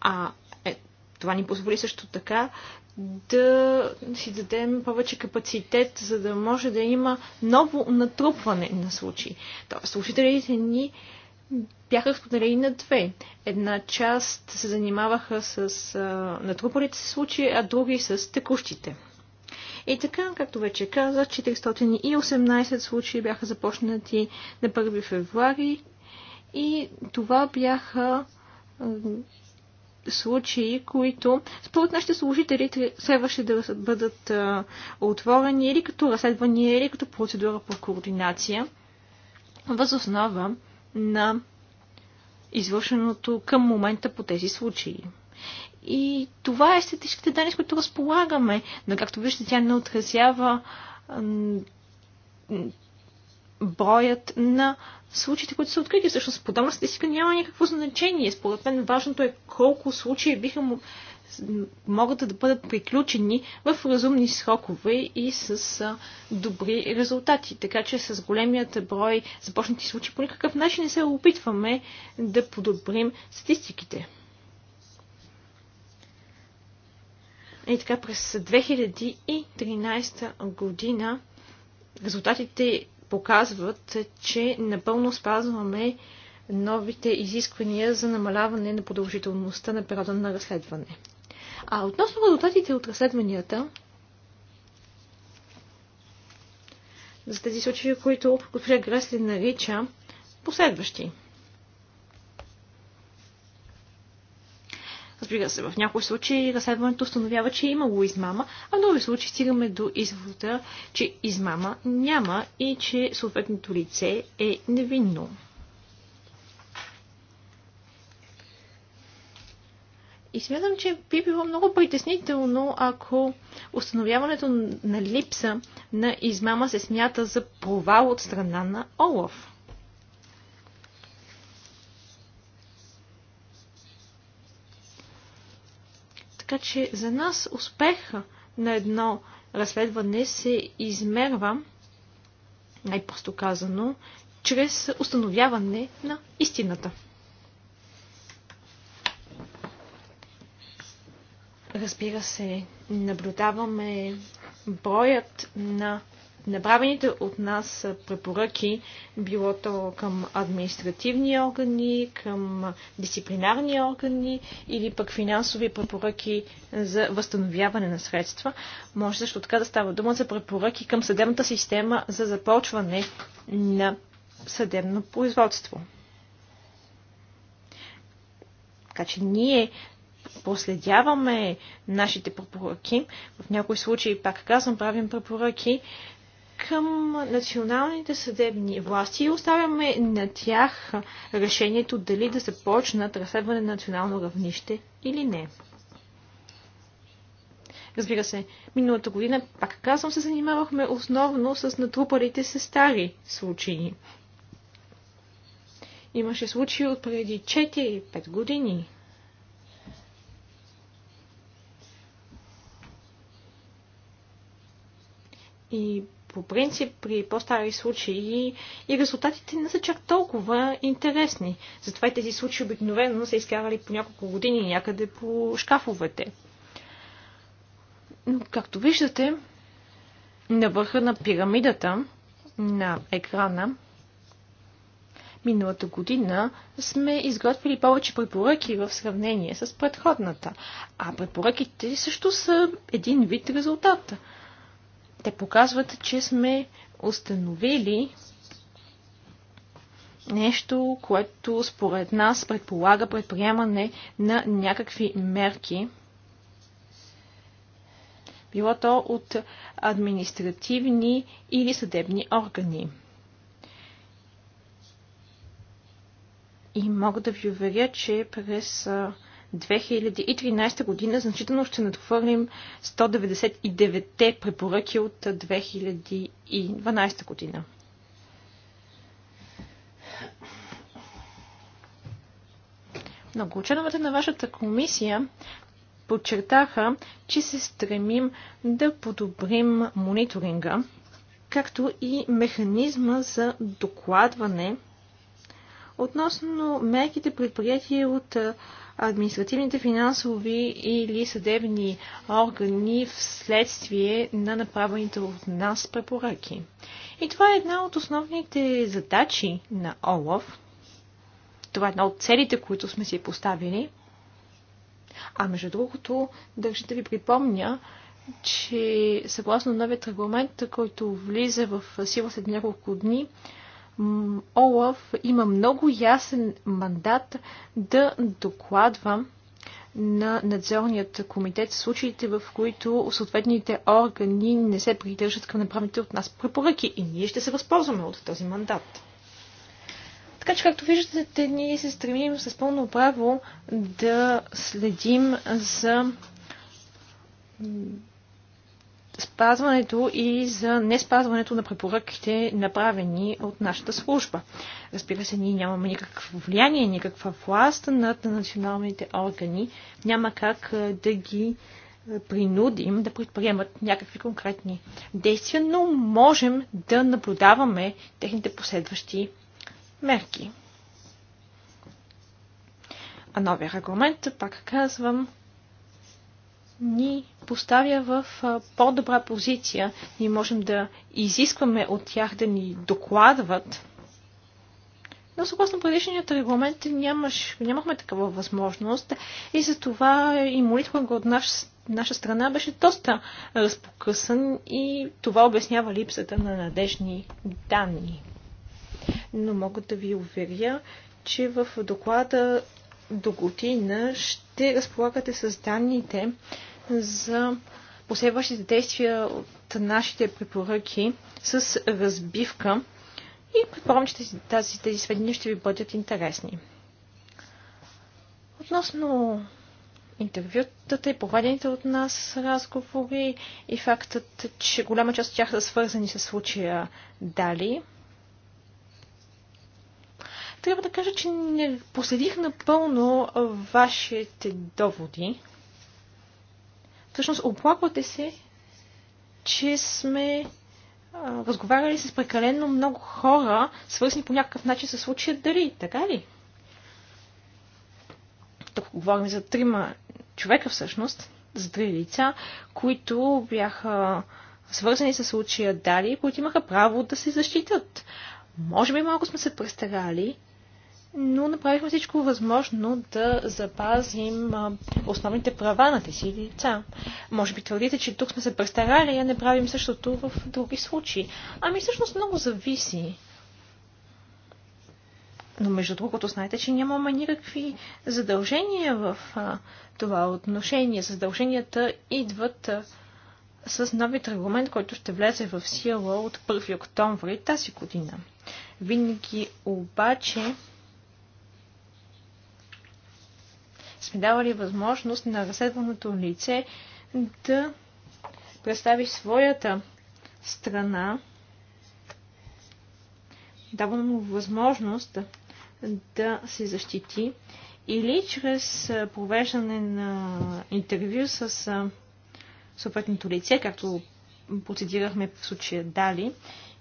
А е, това ни позволи също така да си дадем повече капацитет, за да може да има ново натрупване на случаи. Тоест, слушателите ни бяха споделени на две. Една част се занимаваха с а, натрупалите се случаи, а други с текущите. И така, както вече казах, 418 случаи бяха започнати на 1 февруари и това бяха случаи, които според нашите служители следваше да бъдат а, отворени или като разследвания, или като процедура по координация, възоснова на извършеното към момента по тези случаи. И това е статистическите данни, с които разполагаме. Но както виждате, тя не отразява броят на случаите, които са открити. Всъщност, подобна статистика няма никакво значение. Според мен важното е колко случаи биха му, могат да бъдат приключени в разумни срокове и с а, добри резултати. Така че с големият брой започнати случаи по никакъв начин не се опитваме да подобрим статистиките. И така през 2013 година резултатите показват, че напълно спазваме новите изисквания за намаляване на продължителността на периода на разследване. А относно резултатите от разследванията, за тези случаи, които госпожа Гресли нарича последващи. Разбира се, в някои случаи разследването установява, че е имало измама, а в други случаи стигаме до извода, че измама няма и че съответното лице е невинно. И смятам, че би било много притеснително, ако установяването на липса на измама се смята за провал от страна на Олаф. Така че за нас успеха на едно разследване се измерва, най-просто казано, чрез установяване на истината. Разбира се, наблюдаваме броят на направените от нас препоръки, било то към административни органи, към дисциплинарни органи или пък финансови препоръки за възстановяване на средства. Може също така да става дума за препоръки към съдебната система за започване на съдебно производство. Така че ние проследяваме нашите препоръки. В някои случаи, пак казвам, правим препоръки към националните съдебни власти и оставяме на тях решението дали да се почнат разследване на национално равнище или не. Разбира се, миналата година, пак казвам, се занимавахме основно с натрупалите се стари случаи. Имаше случаи от преди 4-5 години. И по принцип при по-стари случаи и резултатите не са чак толкова интересни. Затова и тези случаи обикновено са изкарали по няколко години някъде по шкафовете. Но, както виждате, на върха на пирамидата на екрана миналата година сме изготвили повече препоръки в сравнение с предходната. А препоръките също са един вид резултата. Те показват, че сме установили нещо, което според нас предполага предприемане на някакви мерки, било то от административни или съдебни органи. И мога да ви уверя, че през 2013 година значително ще надхвърлим 199-те препоръки от 2012 година. Много ученовете на вашата комисия подчертаха, че се стремим да подобрим мониторинга, както и механизма за докладване – относно мерките предприятия от административните, финансови или съдебни органи вследствие на направените от нас препоръки. И това е една от основните задачи на ОЛОВ, Това е една от целите, които сме си поставили. А между другото, държа да ви припомня, че съгласно новият регламент, който влиза в сила след няколко дни, Олаф има много ясен мандат да докладва на надзорният комитет случаите, в които съответните органи не се придържат към направените от нас препоръки и ние ще се възползваме от този мандат. Така че, както виждате, ние се стремим с пълно право да следим за спазването и за неспазването на препоръките, направени от нашата служба. Разбира се, ние нямаме никакво влияние, никаква власт над националните органи. Няма как да ги принудим да предприемат някакви конкретни действия, но можем да наблюдаваме техните последващи мерки. А новия регламент, пак казвам, ни поставя в по-добра позиция. Ние можем да изискваме от тях да ни докладват. Но съгласно предишният регламент нямаш, нямахме такава възможност и за това и молитва от наш, наша страна беше доста разпокъсан и това обяснява липсата на надежни данни. Но мога да ви уверя, че в доклада до година ще разполагате с данните за последващите действия от нашите препоръки с разбивка и предполагам, че тази, тези сведения ще ви бъдат интересни. Относно интервютата и проведените от нас разговори и фактът, че голяма част от тях са свързани с случая Дали, трябва да кажа, че не последих напълно вашите доводи. Всъщност оплаквате се, че сме а, разговаряли с прекалено много хора, свързани по някакъв начин с случая дали, така ли? Тук говорим за трима човека всъщност, за три лица, които бяха свързани с случая Дали, които имаха право да се защитят. Може би малко сме се престарали но направихме всичко възможно да запазим основните права на тези лица. Може би твърдите, че тук сме се престарали, а не правим същото в други случаи. Ами всъщност много зависи. Но между другото, знаете, че нямаме никакви задължения в а, това отношение. Задълженията идват а, с новият регламент, който ще влезе в сила от 1 октомври тази година. Винаги обаче сме давали възможност на разследваното лице да представи своята страна. Даваме му възможност да се защити или чрез провеждане на интервю с съответното лице, както процедирахме в случая Дали,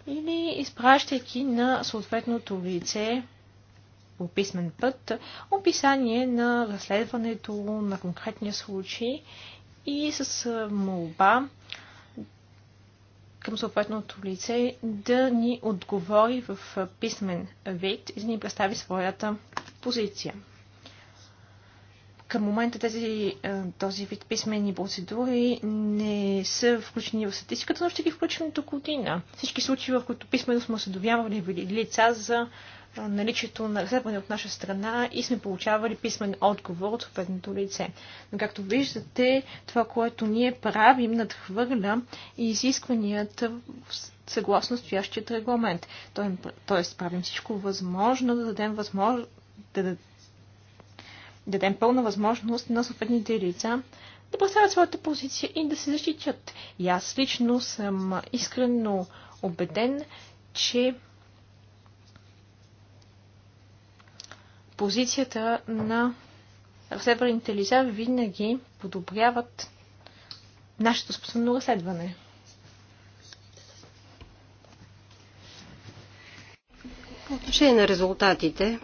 или изпращайки на съответното лице по писмен път описание на разследването на конкретния случай и с молба към съответното лице да ни отговори в писмен вид и да ни представи своята позиция. Към момента тези, този вид писмени процедури не са включени в статистиката, но ще ги включим до година. Всички случаи, в които писмено сме осъдовявали лица за наличието на разследване от наша страна и сме получавали писмен отговор от съответното лице. Но както виждате, това, което ние правим, надхвърля и изискванията съгласно стоящият регламент. Тоест, правим всичко възможно да дадем възможност да дадем пълна възможност на съответните лица да представят своята позиция и да се защитят. И аз лично съм искрено убеден, че позицията на разследваните лица винаги подобряват нашето способно разследване. По отношение на резултатите,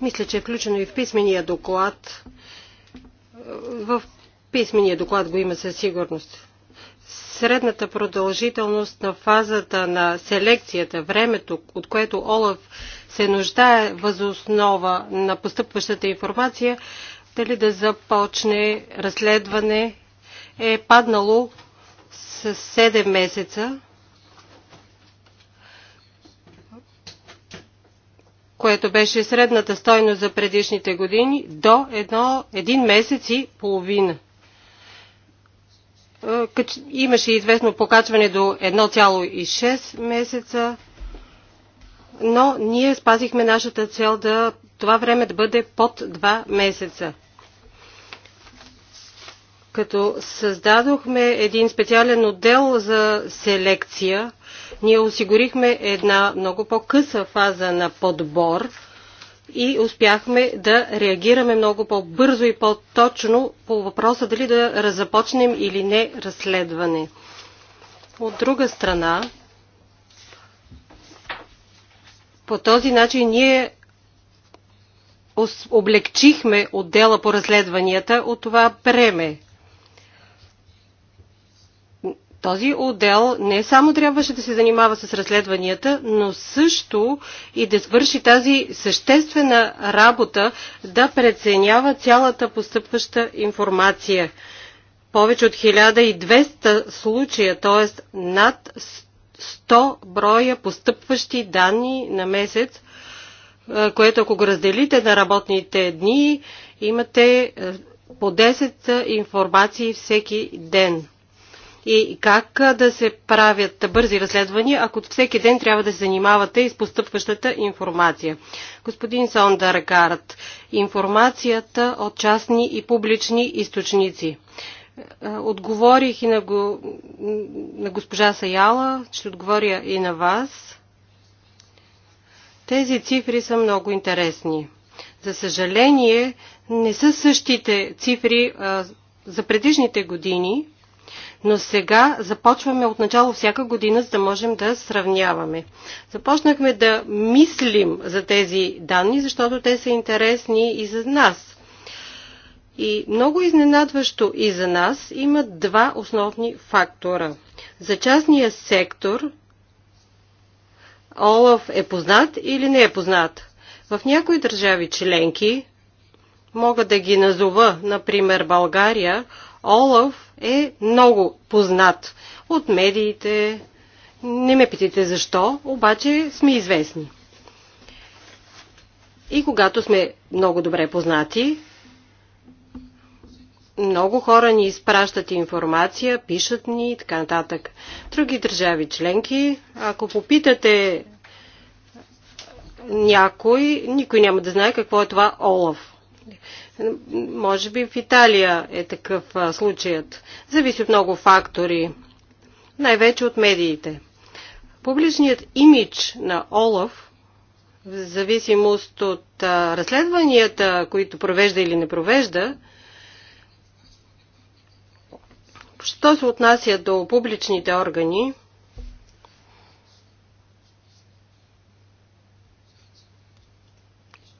мисля, че е включено и в писмения доклад. В писмения доклад го има със сигурност. Средната продължителност на фазата на селекцията, времето, от което Олаф се нуждае възоснова на постъпващата информация, дали да започне разследване, е паднало с 7 месеца, което беше средната стойност за предишните години, до едно, един месец и половина. Е, имаше известно покачване до 1,6 месеца, но ние спазихме нашата цел да това време да бъде под два месеца. Като създадохме един специален отдел за селекция, ние осигурихме една много по-къса фаза на подбор и успяхме да реагираме много по-бързо и по-точно по въпроса дали да започнем или не разследване. От друга страна, По този начин ние облегчихме отдела по разследванията от това преме. Този отдел не само трябваше да се занимава с разследванията, но също и да свърши тази съществена работа да преценява цялата постъпваща информация. Повече от 1200 случая, т.е. над 100 броя постъпващи данни на месец, което ако го разделите на работните дни, имате по 10 информации всеки ден. И как да се правят бързи разследвания, ако всеки ден трябва да се занимавате и с постъпващата информация? Господин Сондаргард, информацията от частни и публични източници. Отговорих и на, го, на госпожа Саяла, ще отговоря и на вас. Тези цифри са много интересни. За съжаление, не са същите цифри а, за предишните години, но сега започваме от начало всяка година, за да можем да сравняваме. Започнахме да мислим за тези данни, защото те са интересни и за нас. И много изненадващо и за нас има два основни фактора. За частния сектор Олаф е познат или не е познат. В някои държави членки, мога да ги назова, например България, Олаф е много познат от медиите. Не ме питайте защо, обаче сме известни. И когато сме много добре познати, много хора ни изпращат информация, пишат ни и така нататък. Други държави членки, ако попитате някой, никой няма да знае какво е това Олаф. Може би в Италия е такъв случаят. Зависи от много фактори, най-вече от медиите. Публичният имидж на Олаф, в зависимост от разследванията, които провежда или не провежда, Що се отнася до публичните органи,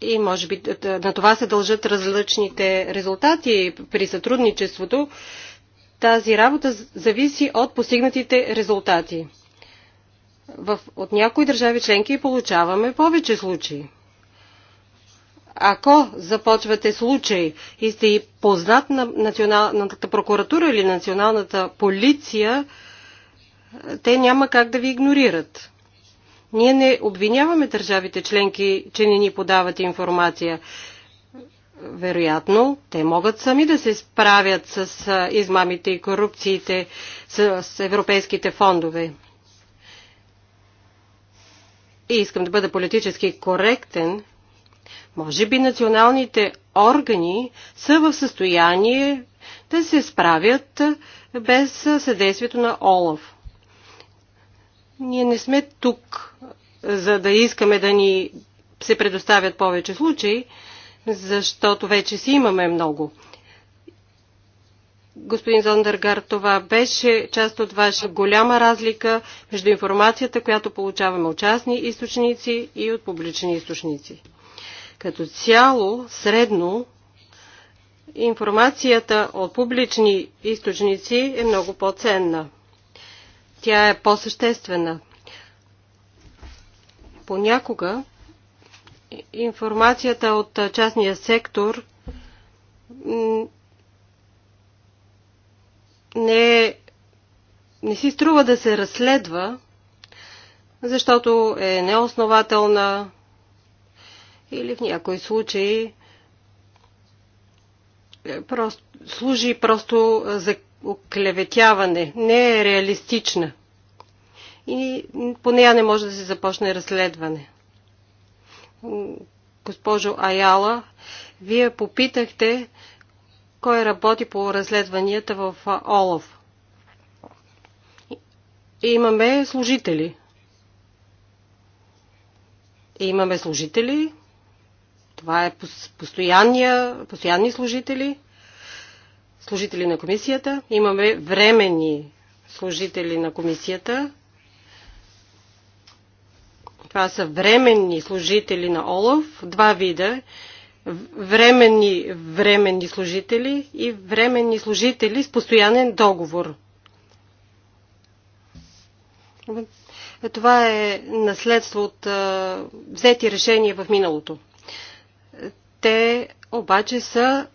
и може би на това се дължат различните резултати при сътрудничеството, тази работа зависи от постигнатите резултати. В, от някои държави членки получаваме повече случаи. Ако започвате случай и сте познат на Националната прокуратура или Националната полиция, те няма как да ви игнорират. Ние не обвиняваме държавите членки, че не ни подават информация. Вероятно, те могат сами да се справят с измамите и корупциите с европейските фондове. И искам да бъда политически коректен. Може би националните органи са в състояние да се справят без съдействието на Олаф. Ние не сме тук, за да искаме да ни се предоставят повече случаи, защото вече си имаме много. Господин Зондергар, това беше част от ваша голяма разлика между информацията, която получаваме от частни източници и от публични източници. Като цяло, средно, информацията от публични източници е много по-ценна. Тя е по-съществена. Понякога информацията от частния сектор не, е, не си струва да се разследва, защото е неоснователна, или в някои случаи е, просто, служи просто за оклеветяване. Не е реалистична. И по нея не може да се започне разследване. Госпожо Аяла, вие попитахте кой работи по разследванията в Олов. И имаме служители. И имаме служители, това е постоянни служители, служители на комисията. Имаме временни служители на комисията. Това са временни служители на ОЛОВ, два вида. Временни, временни служители и временни служители с постоянен договор. Това е наследство от а, взети решения в миналото. Те обаче са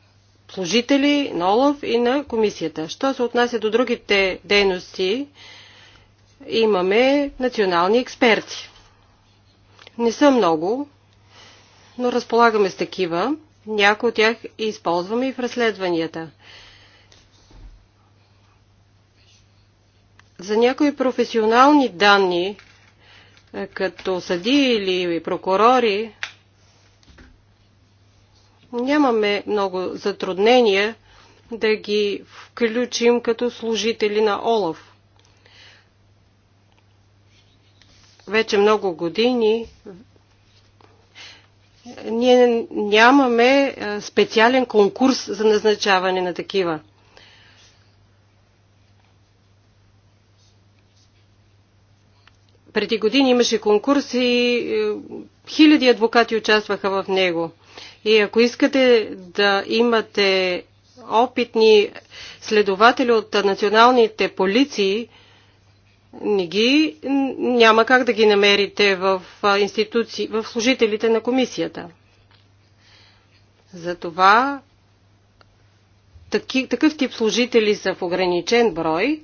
служители на ОЛОВ и на комисията. Що се отнася до другите дейности, имаме национални експерти. Не са много, но разполагаме с такива. Някои от тях използваме и в разследванията. За някои професионални данни, е, като съди или прокурори, нямаме много затруднения да ги включим като служители на Олаф. Вече много години ние нямаме е, специален конкурс за назначаване на такива. Преди години имаше конкурс и е, хиляди адвокати участваха в него – и ако искате да имате опитни следователи от националните полиции, не ги, няма как да ги намерите в, институции, в служителите на комисията. Затова таки, такъв тип служители са в ограничен брой,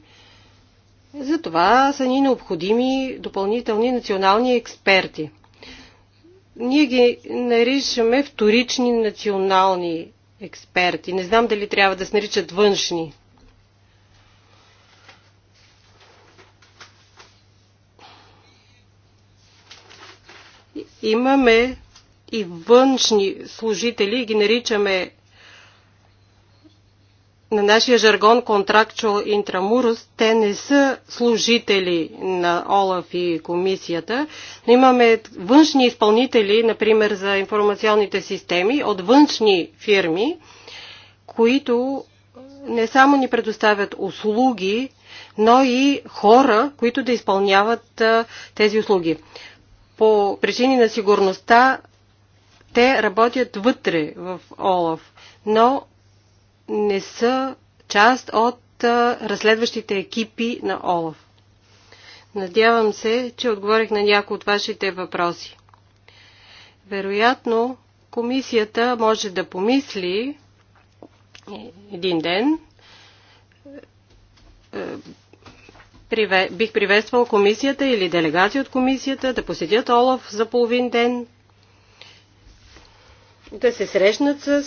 затова са ни необходими допълнителни национални експерти – ние ги наричаме вторични национални експерти. Не знам дали трябва да се наричат външни. Имаме и външни служители, ги наричаме на нашия жаргон Contractual Интрамурус те не са служители на ОЛАФ и комисията, но имаме външни изпълнители, например за информационните системи, от външни фирми, които не само ни предоставят услуги, но и хора, които да изпълняват а, тези услуги. По причини на сигурността те работят вътре в ОЛАФ, но не са част от разследващите екипи на ОЛАФ. Надявам се, че отговорих на някои от вашите въпроси. Вероятно, комисията може да помисли е, един ден. Е, бих приветствал комисията или делегация от комисията да посетят Олаф за половин ден да се срещнат с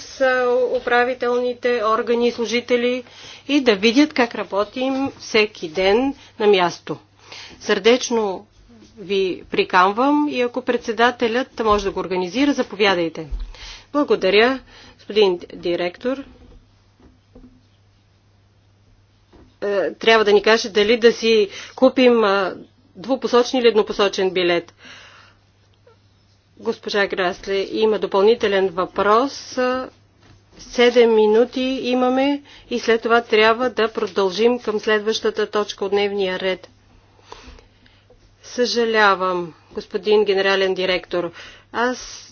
управителните органи и служители и да видят как работим всеки ден на място. Сърдечно ви прикамвам и ако председателят може да го организира, заповядайте. Благодаря, господин директор. Е, трябва да ни каже дали да си купим двупосочен или еднопосочен билет. Госпожа Грасле има допълнителен въпрос. 7 минути имаме и след това трябва да продължим към следващата точка от дневния ред. Съжалявам, господин генерален директор. Аз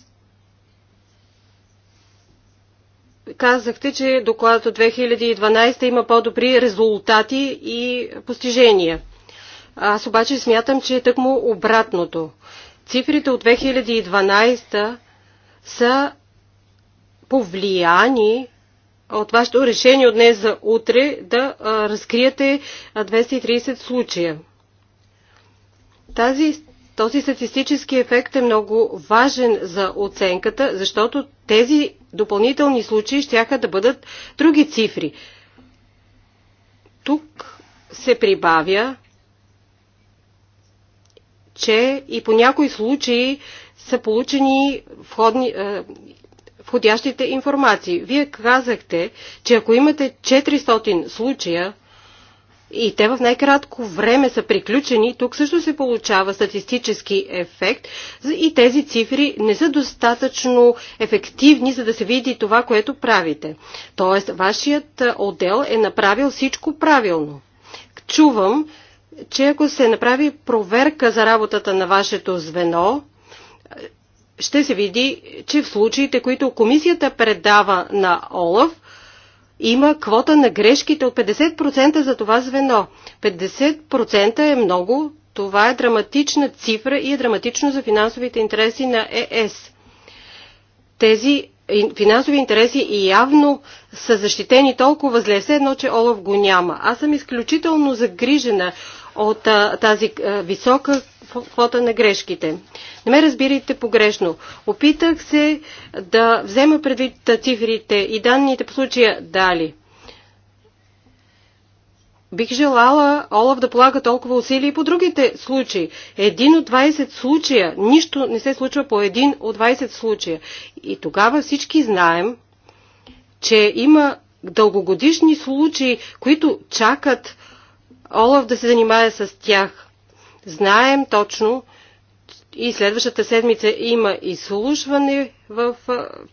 казахте, че докладът от 2012 има по-добри резултати и постижения. Аз обаче смятам, че е тъкмо обратното цифрите от 2012 са повлияни от вашето решение от днес за утре да разкриете 230 случая. Тази, този статистически ефект е много важен за оценката, защото тези допълнителни случаи ще да бъдат други цифри. Тук се прибавя че и по някои случаи са получени входни, е, входящите информации. Вие казахте, че ако имате 400 случая и те в най-кратко време са приключени, тук също се получава статистически ефект и тези цифри не са достатъчно ефективни, за да се види това, което правите. Тоест, вашият отдел е направил всичко правилно. Чувам, че ако се направи проверка за работата на вашето звено, ще се види, че в случаите, които комисията предава на ОЛАФ, има квота на грешките от 50% за това звено. 50% е много, това е драматична цифра и е драматично за финансовите интереси на ЕС. Тези финансови интереси и явно са защитени толкова зле, все едно, че Олаф го няма. Аз съм изключително загрижена от тази висока квота на грешките. Не ме разбирайте погрешно. Опитах се да взема предвид цифрите и данните по случая дали. Бих желала Олаф да полага толкова усилия и по другите случаи. Един от 20 случая, нищо не се случва по един от 20 случая. И тогава всички знаем, че има дългогодишни случаи, които чакат Олаф да се занимае с тях. Знаем точно и следващата седмица има изслушване в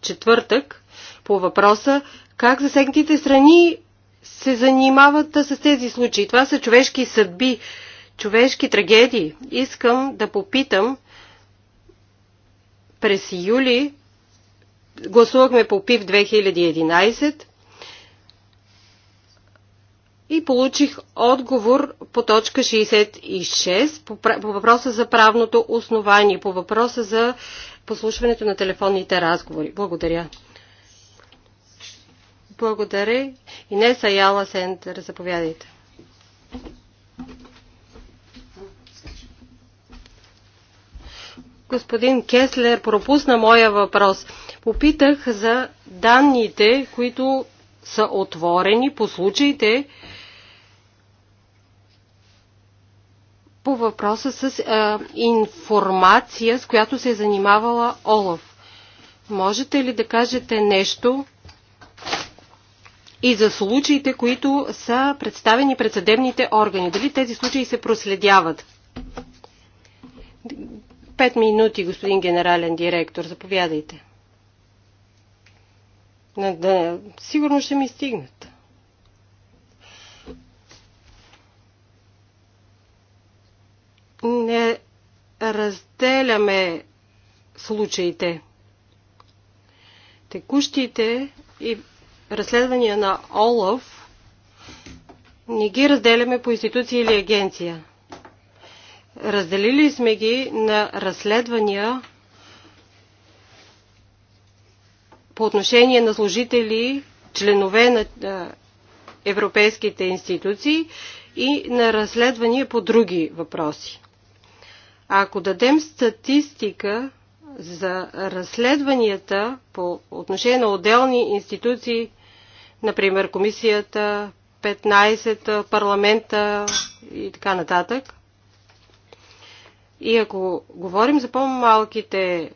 четвъртък по въпроса как засегнатите страни се занимават с тези случаи. Това са човешки съдби, човешки трагедии. Искам да попитам през юли гласувахме по ПИВ 2011 и получих отговор по точка 66 по, въпроса за правното основание, по въпроса за послушването на телефонните разговори. Благодаря. Благодаря. Инеса Яла Сентър, заповядайте. Господин Кеслер пропусна моя въпрос. Попитах за данните, които са отворени по случаите, по въпроса с а, е, информация, с която се е занимавала Олаф. Можете ли да кажете нещо и за случаите, които са представени пред съдебните органи? Дали тези случаи се проследяват? Пет минути, господин генерален директор, заповядайте. Да, сигурно ще ми стигнат. не разделяме случаите. Текущите и разследвания на ОЛАФ не ги разделяме по институция или агенция. Разделили сме ги на разследвания по отношение на служители, членове на европейските институции и на разследвания по други въпроси. Ако дадем статистика за разследванията по отношение на отделни институции, например комисията, 15 парламента и така нататък, и ако говорим за по-малките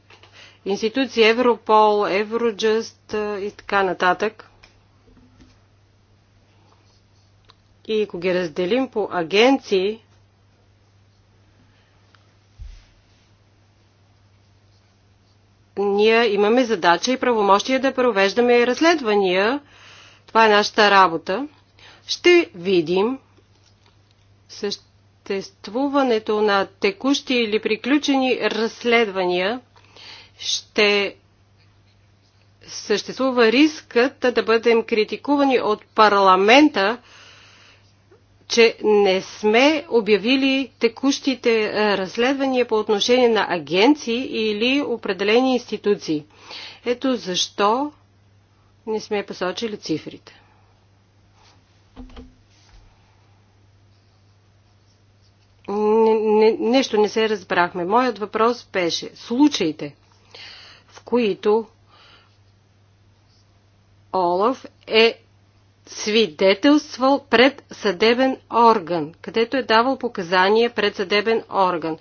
институции Европол, Евроджъст и така нататък, и ако ги разделим по агенции, ние имаме задача и правомощия да провеждаме разследвания. Това е нашата работа. Ще видим съществуването на текущи или приключени разследвания. Ще съществува рискът да бъдем критикувани от парламента, че не сме обявили текущите е, разследвания по отношение на агенции или определени институции. Ето защо не сме посочили цифрите. Не, нещо не се разбрахме. Моят въпрос беше случаите, в които Олаф е свидетелствал пред съдебен орган, където е давал показания пред съдебен орган.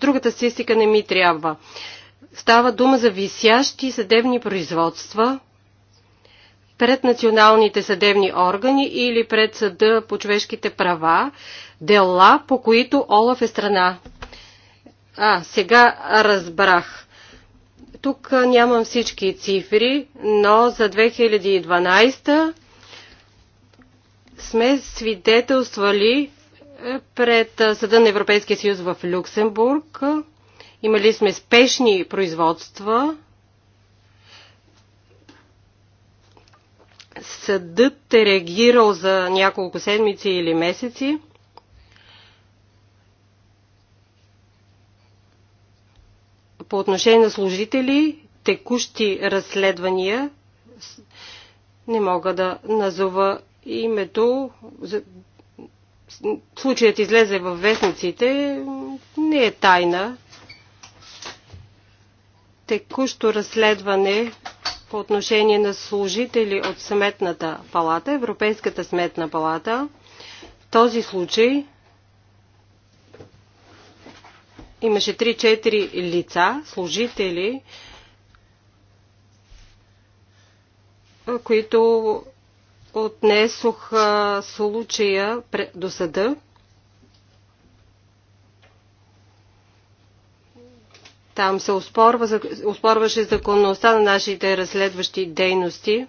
Другата статистика не ми трябва. Става дума за висящи съдебни производства пред националните съдебни органи или пред съда по човешките права, дела, по които Олаф е страна. А, сега разбрах. Тук нямам всички цифри, но за 2012 сме свидетелствали е, пред е, Съда на Европейския съюз в Люксембург. Имали сме спешни производства. Съдът е реагирал за няколко седмици или месеци. По отношение на служители, текущи разследвания, не мога да назова името, за, случаят излезе във вестниците, не е тайна. Текущо разследване по отношение на служители от Сметната палата, Европейската сметна палата. В този случай имаше 3-4 лица, служители, които отнесох случая до съда. Там се успорва, успорваше законността на нашите разследващи дейности.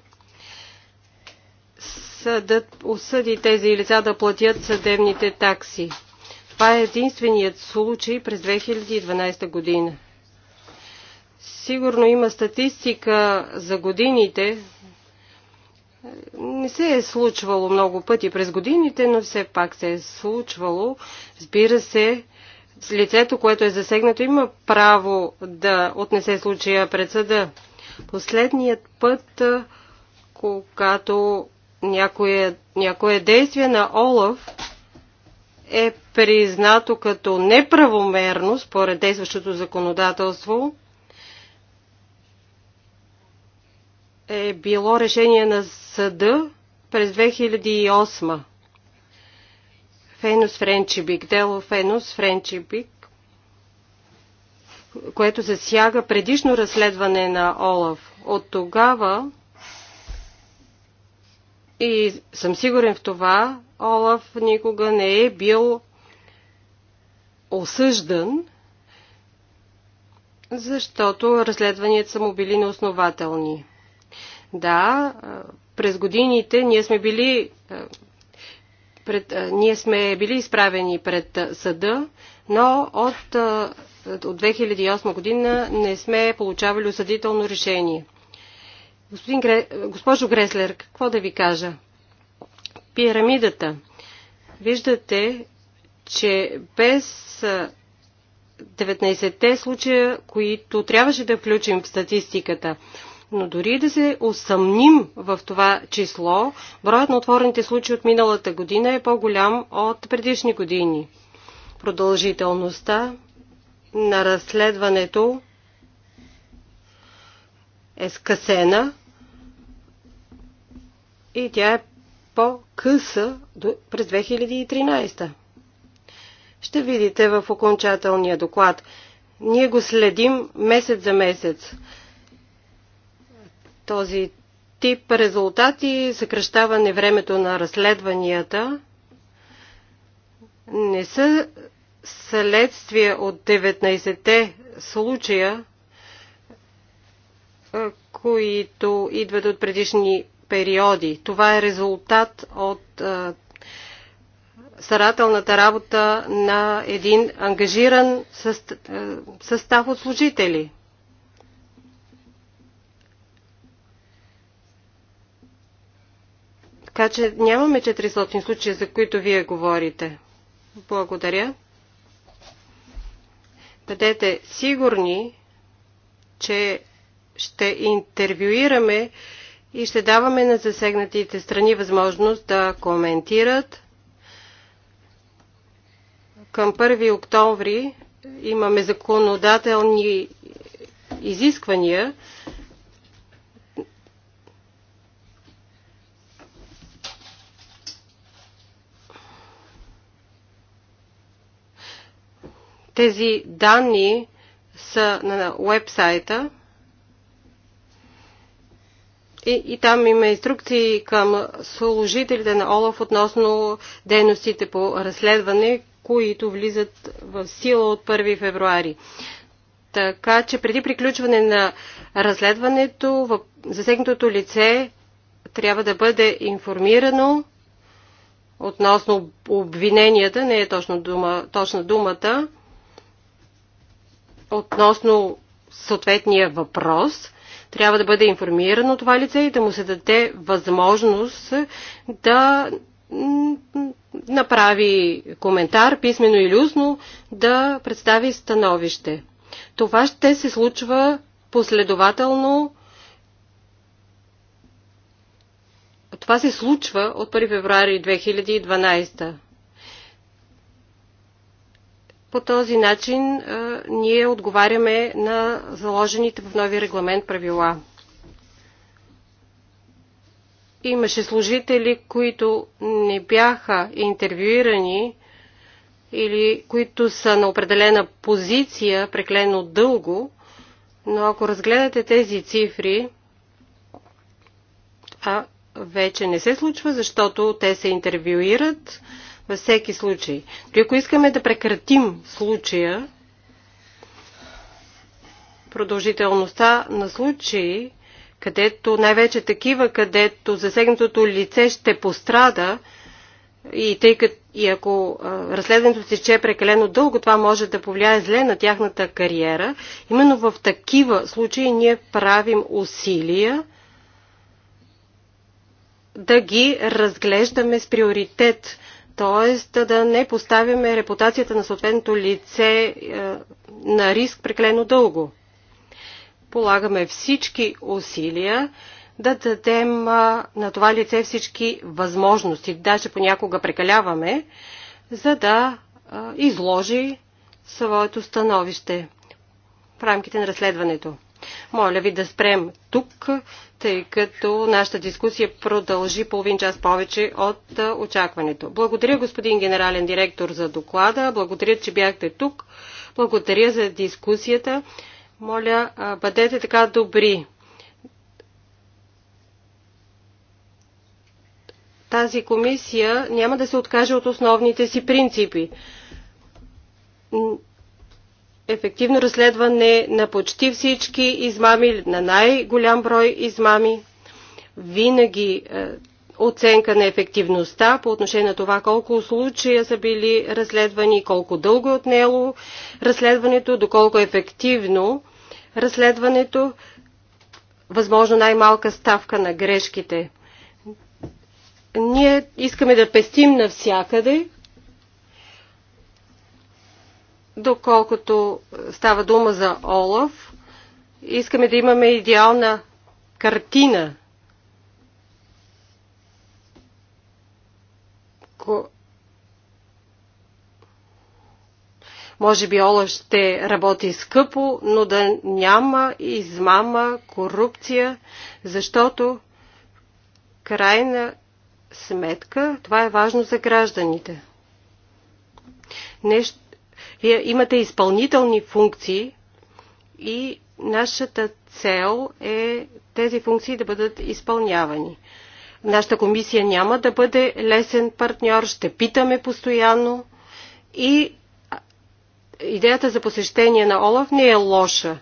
Съдът осъди тези лица да платят съдебните такси. Това е единственият случай през 2012 година. Сигурно има статистика за годините, не се е случвало много пъти през годините, но все пак се е случвало. Разбира се, лицето, което е засегнато, има право да отнесе случая пред съда. Последният път, когато някое, някое действие на Олаф е признато като неправомерно според действащото законодателство, е било решение на съда през 2008. Фенус Френчибик, дело Фенус Френчибик, което засяга предишно разследване на Олаф. От тогава и съм сигурен в това, Олаф никога не е бил осъждан, защото разследванията са му били неоснователни. Да, през годините ние сме били, пред, ние сме били изправени пред съда, но от, от 2008 година не сме получавали осъдително решение. Господин Госпожо Греслер, какво да ви кажа? Пирамидата. Виждате, че без 19-те случая, които трябваше да включим в статистиката, но дори да се усъмним в това число, броят на отворените случаи от миналата година е по-голям от предишни години. Продължителността на разследването е скъсена и тя е по-къса през 2013. Ще видите в окончателния доклад. Ние го следим месец за месец този тип резултати, съкръщаване времето на разследванията, не са следствие от 19-те случая, които идват от предишни периоди. Това е резултат от а, старателната работа на един ангажиран състав от служители. Така че нямаме 400 случая, за които вие говорите. Благодаря. Бъдете сигурни, че ще интервюираме и ще даваме на засегнатите страни възможност да коментират. Към 1 октомври имаме законодателни изисквания, Тези данни са на вебсайта и, и там има инструкции към служителите на ОЛАФ относно дейностите по разследване, които влизат в сила от 1 февруари. Така че преди приключване на разследването, засегнатото лице трябва да бъде информирано относно обвиненията, не е точно дума, точна думата, относно съответния въпрос, трябва да бъде информирано това лице и да му се даде възможност да направи коментар, писмено или устно, да представи становище. Това ще се случва последователно. Това се случва от 1 февруари 2012. По този начин е, ние отговаряме на заложените в новия регламент правила. Имаше служители, които не бяха интервюирани или които са на определена позиция преклено дълго, но ако разгледате тези цифри, а вече не се случва, защото те се интервюират, във всеки случай. Дори ако искаме да прекратим случая, продължителността на случаи, където най-вече такива, където засегнатото лице ще пострада, и тъй като и ако а, разследването се че прекалено дълго, това може да повлияе зле на тяхната кариера. Именно в такива случаи ние правим усилия да ги разглеждаме с приоритет Тоест да не поставяме репутацията на съответното лице е, на риск преклено дълго. Полагаме всички усилия да дадем е, на това лице всички възможности, даже понякога прекаляваме, за да е, изложи своето становище в рамките на разследването. Моля ви да спрем тук, тъй като нашата дискусия продължи половин час повече от очакването. Благодаря, господин генерален директор, за доклада. Благодаря, че бяхте тук. Благодаря за дискусията. Моля, бъдете така добри. Тази комисия няма да се откаже от основните си принципи ефективно разследване на почти всички измами, на най-голям брой измами, винаги е, оценка на ефективността по отношение на това колко случая са били разследвани, колко дълго е отнело разследването, доколко е ефективно разследването, възможно най-малка ставка на грешките. Ние искаме да пестим навсякъде, доколкото става дума за Олаф, искаме да имаме идеална картина, Ко... Може би Олаф ще работи скъпо, но да няма измама, корупция, защото крайна сметка това е важно за гражданите. Нещо вие имате изпълнителни функции и нашата цел е тези функции да бъдат изпълнявани. Нашата комисия няма да бъде лесен партньор, ще питаме постоянно и идеята за посещение на Олаф не е лоша.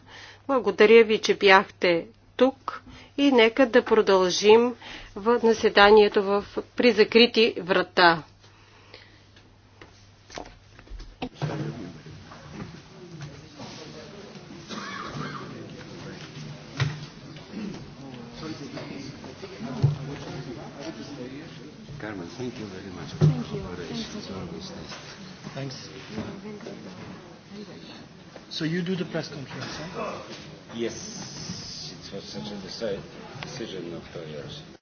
Благодаря ви, че бяхте тук и нека да продължим в наседанието в, при закрити врата. Carmen, thank you very much for thank your cooperation you. on this test. Thanks. So you do the press conference, huh? Yes, it was such a decision of yours.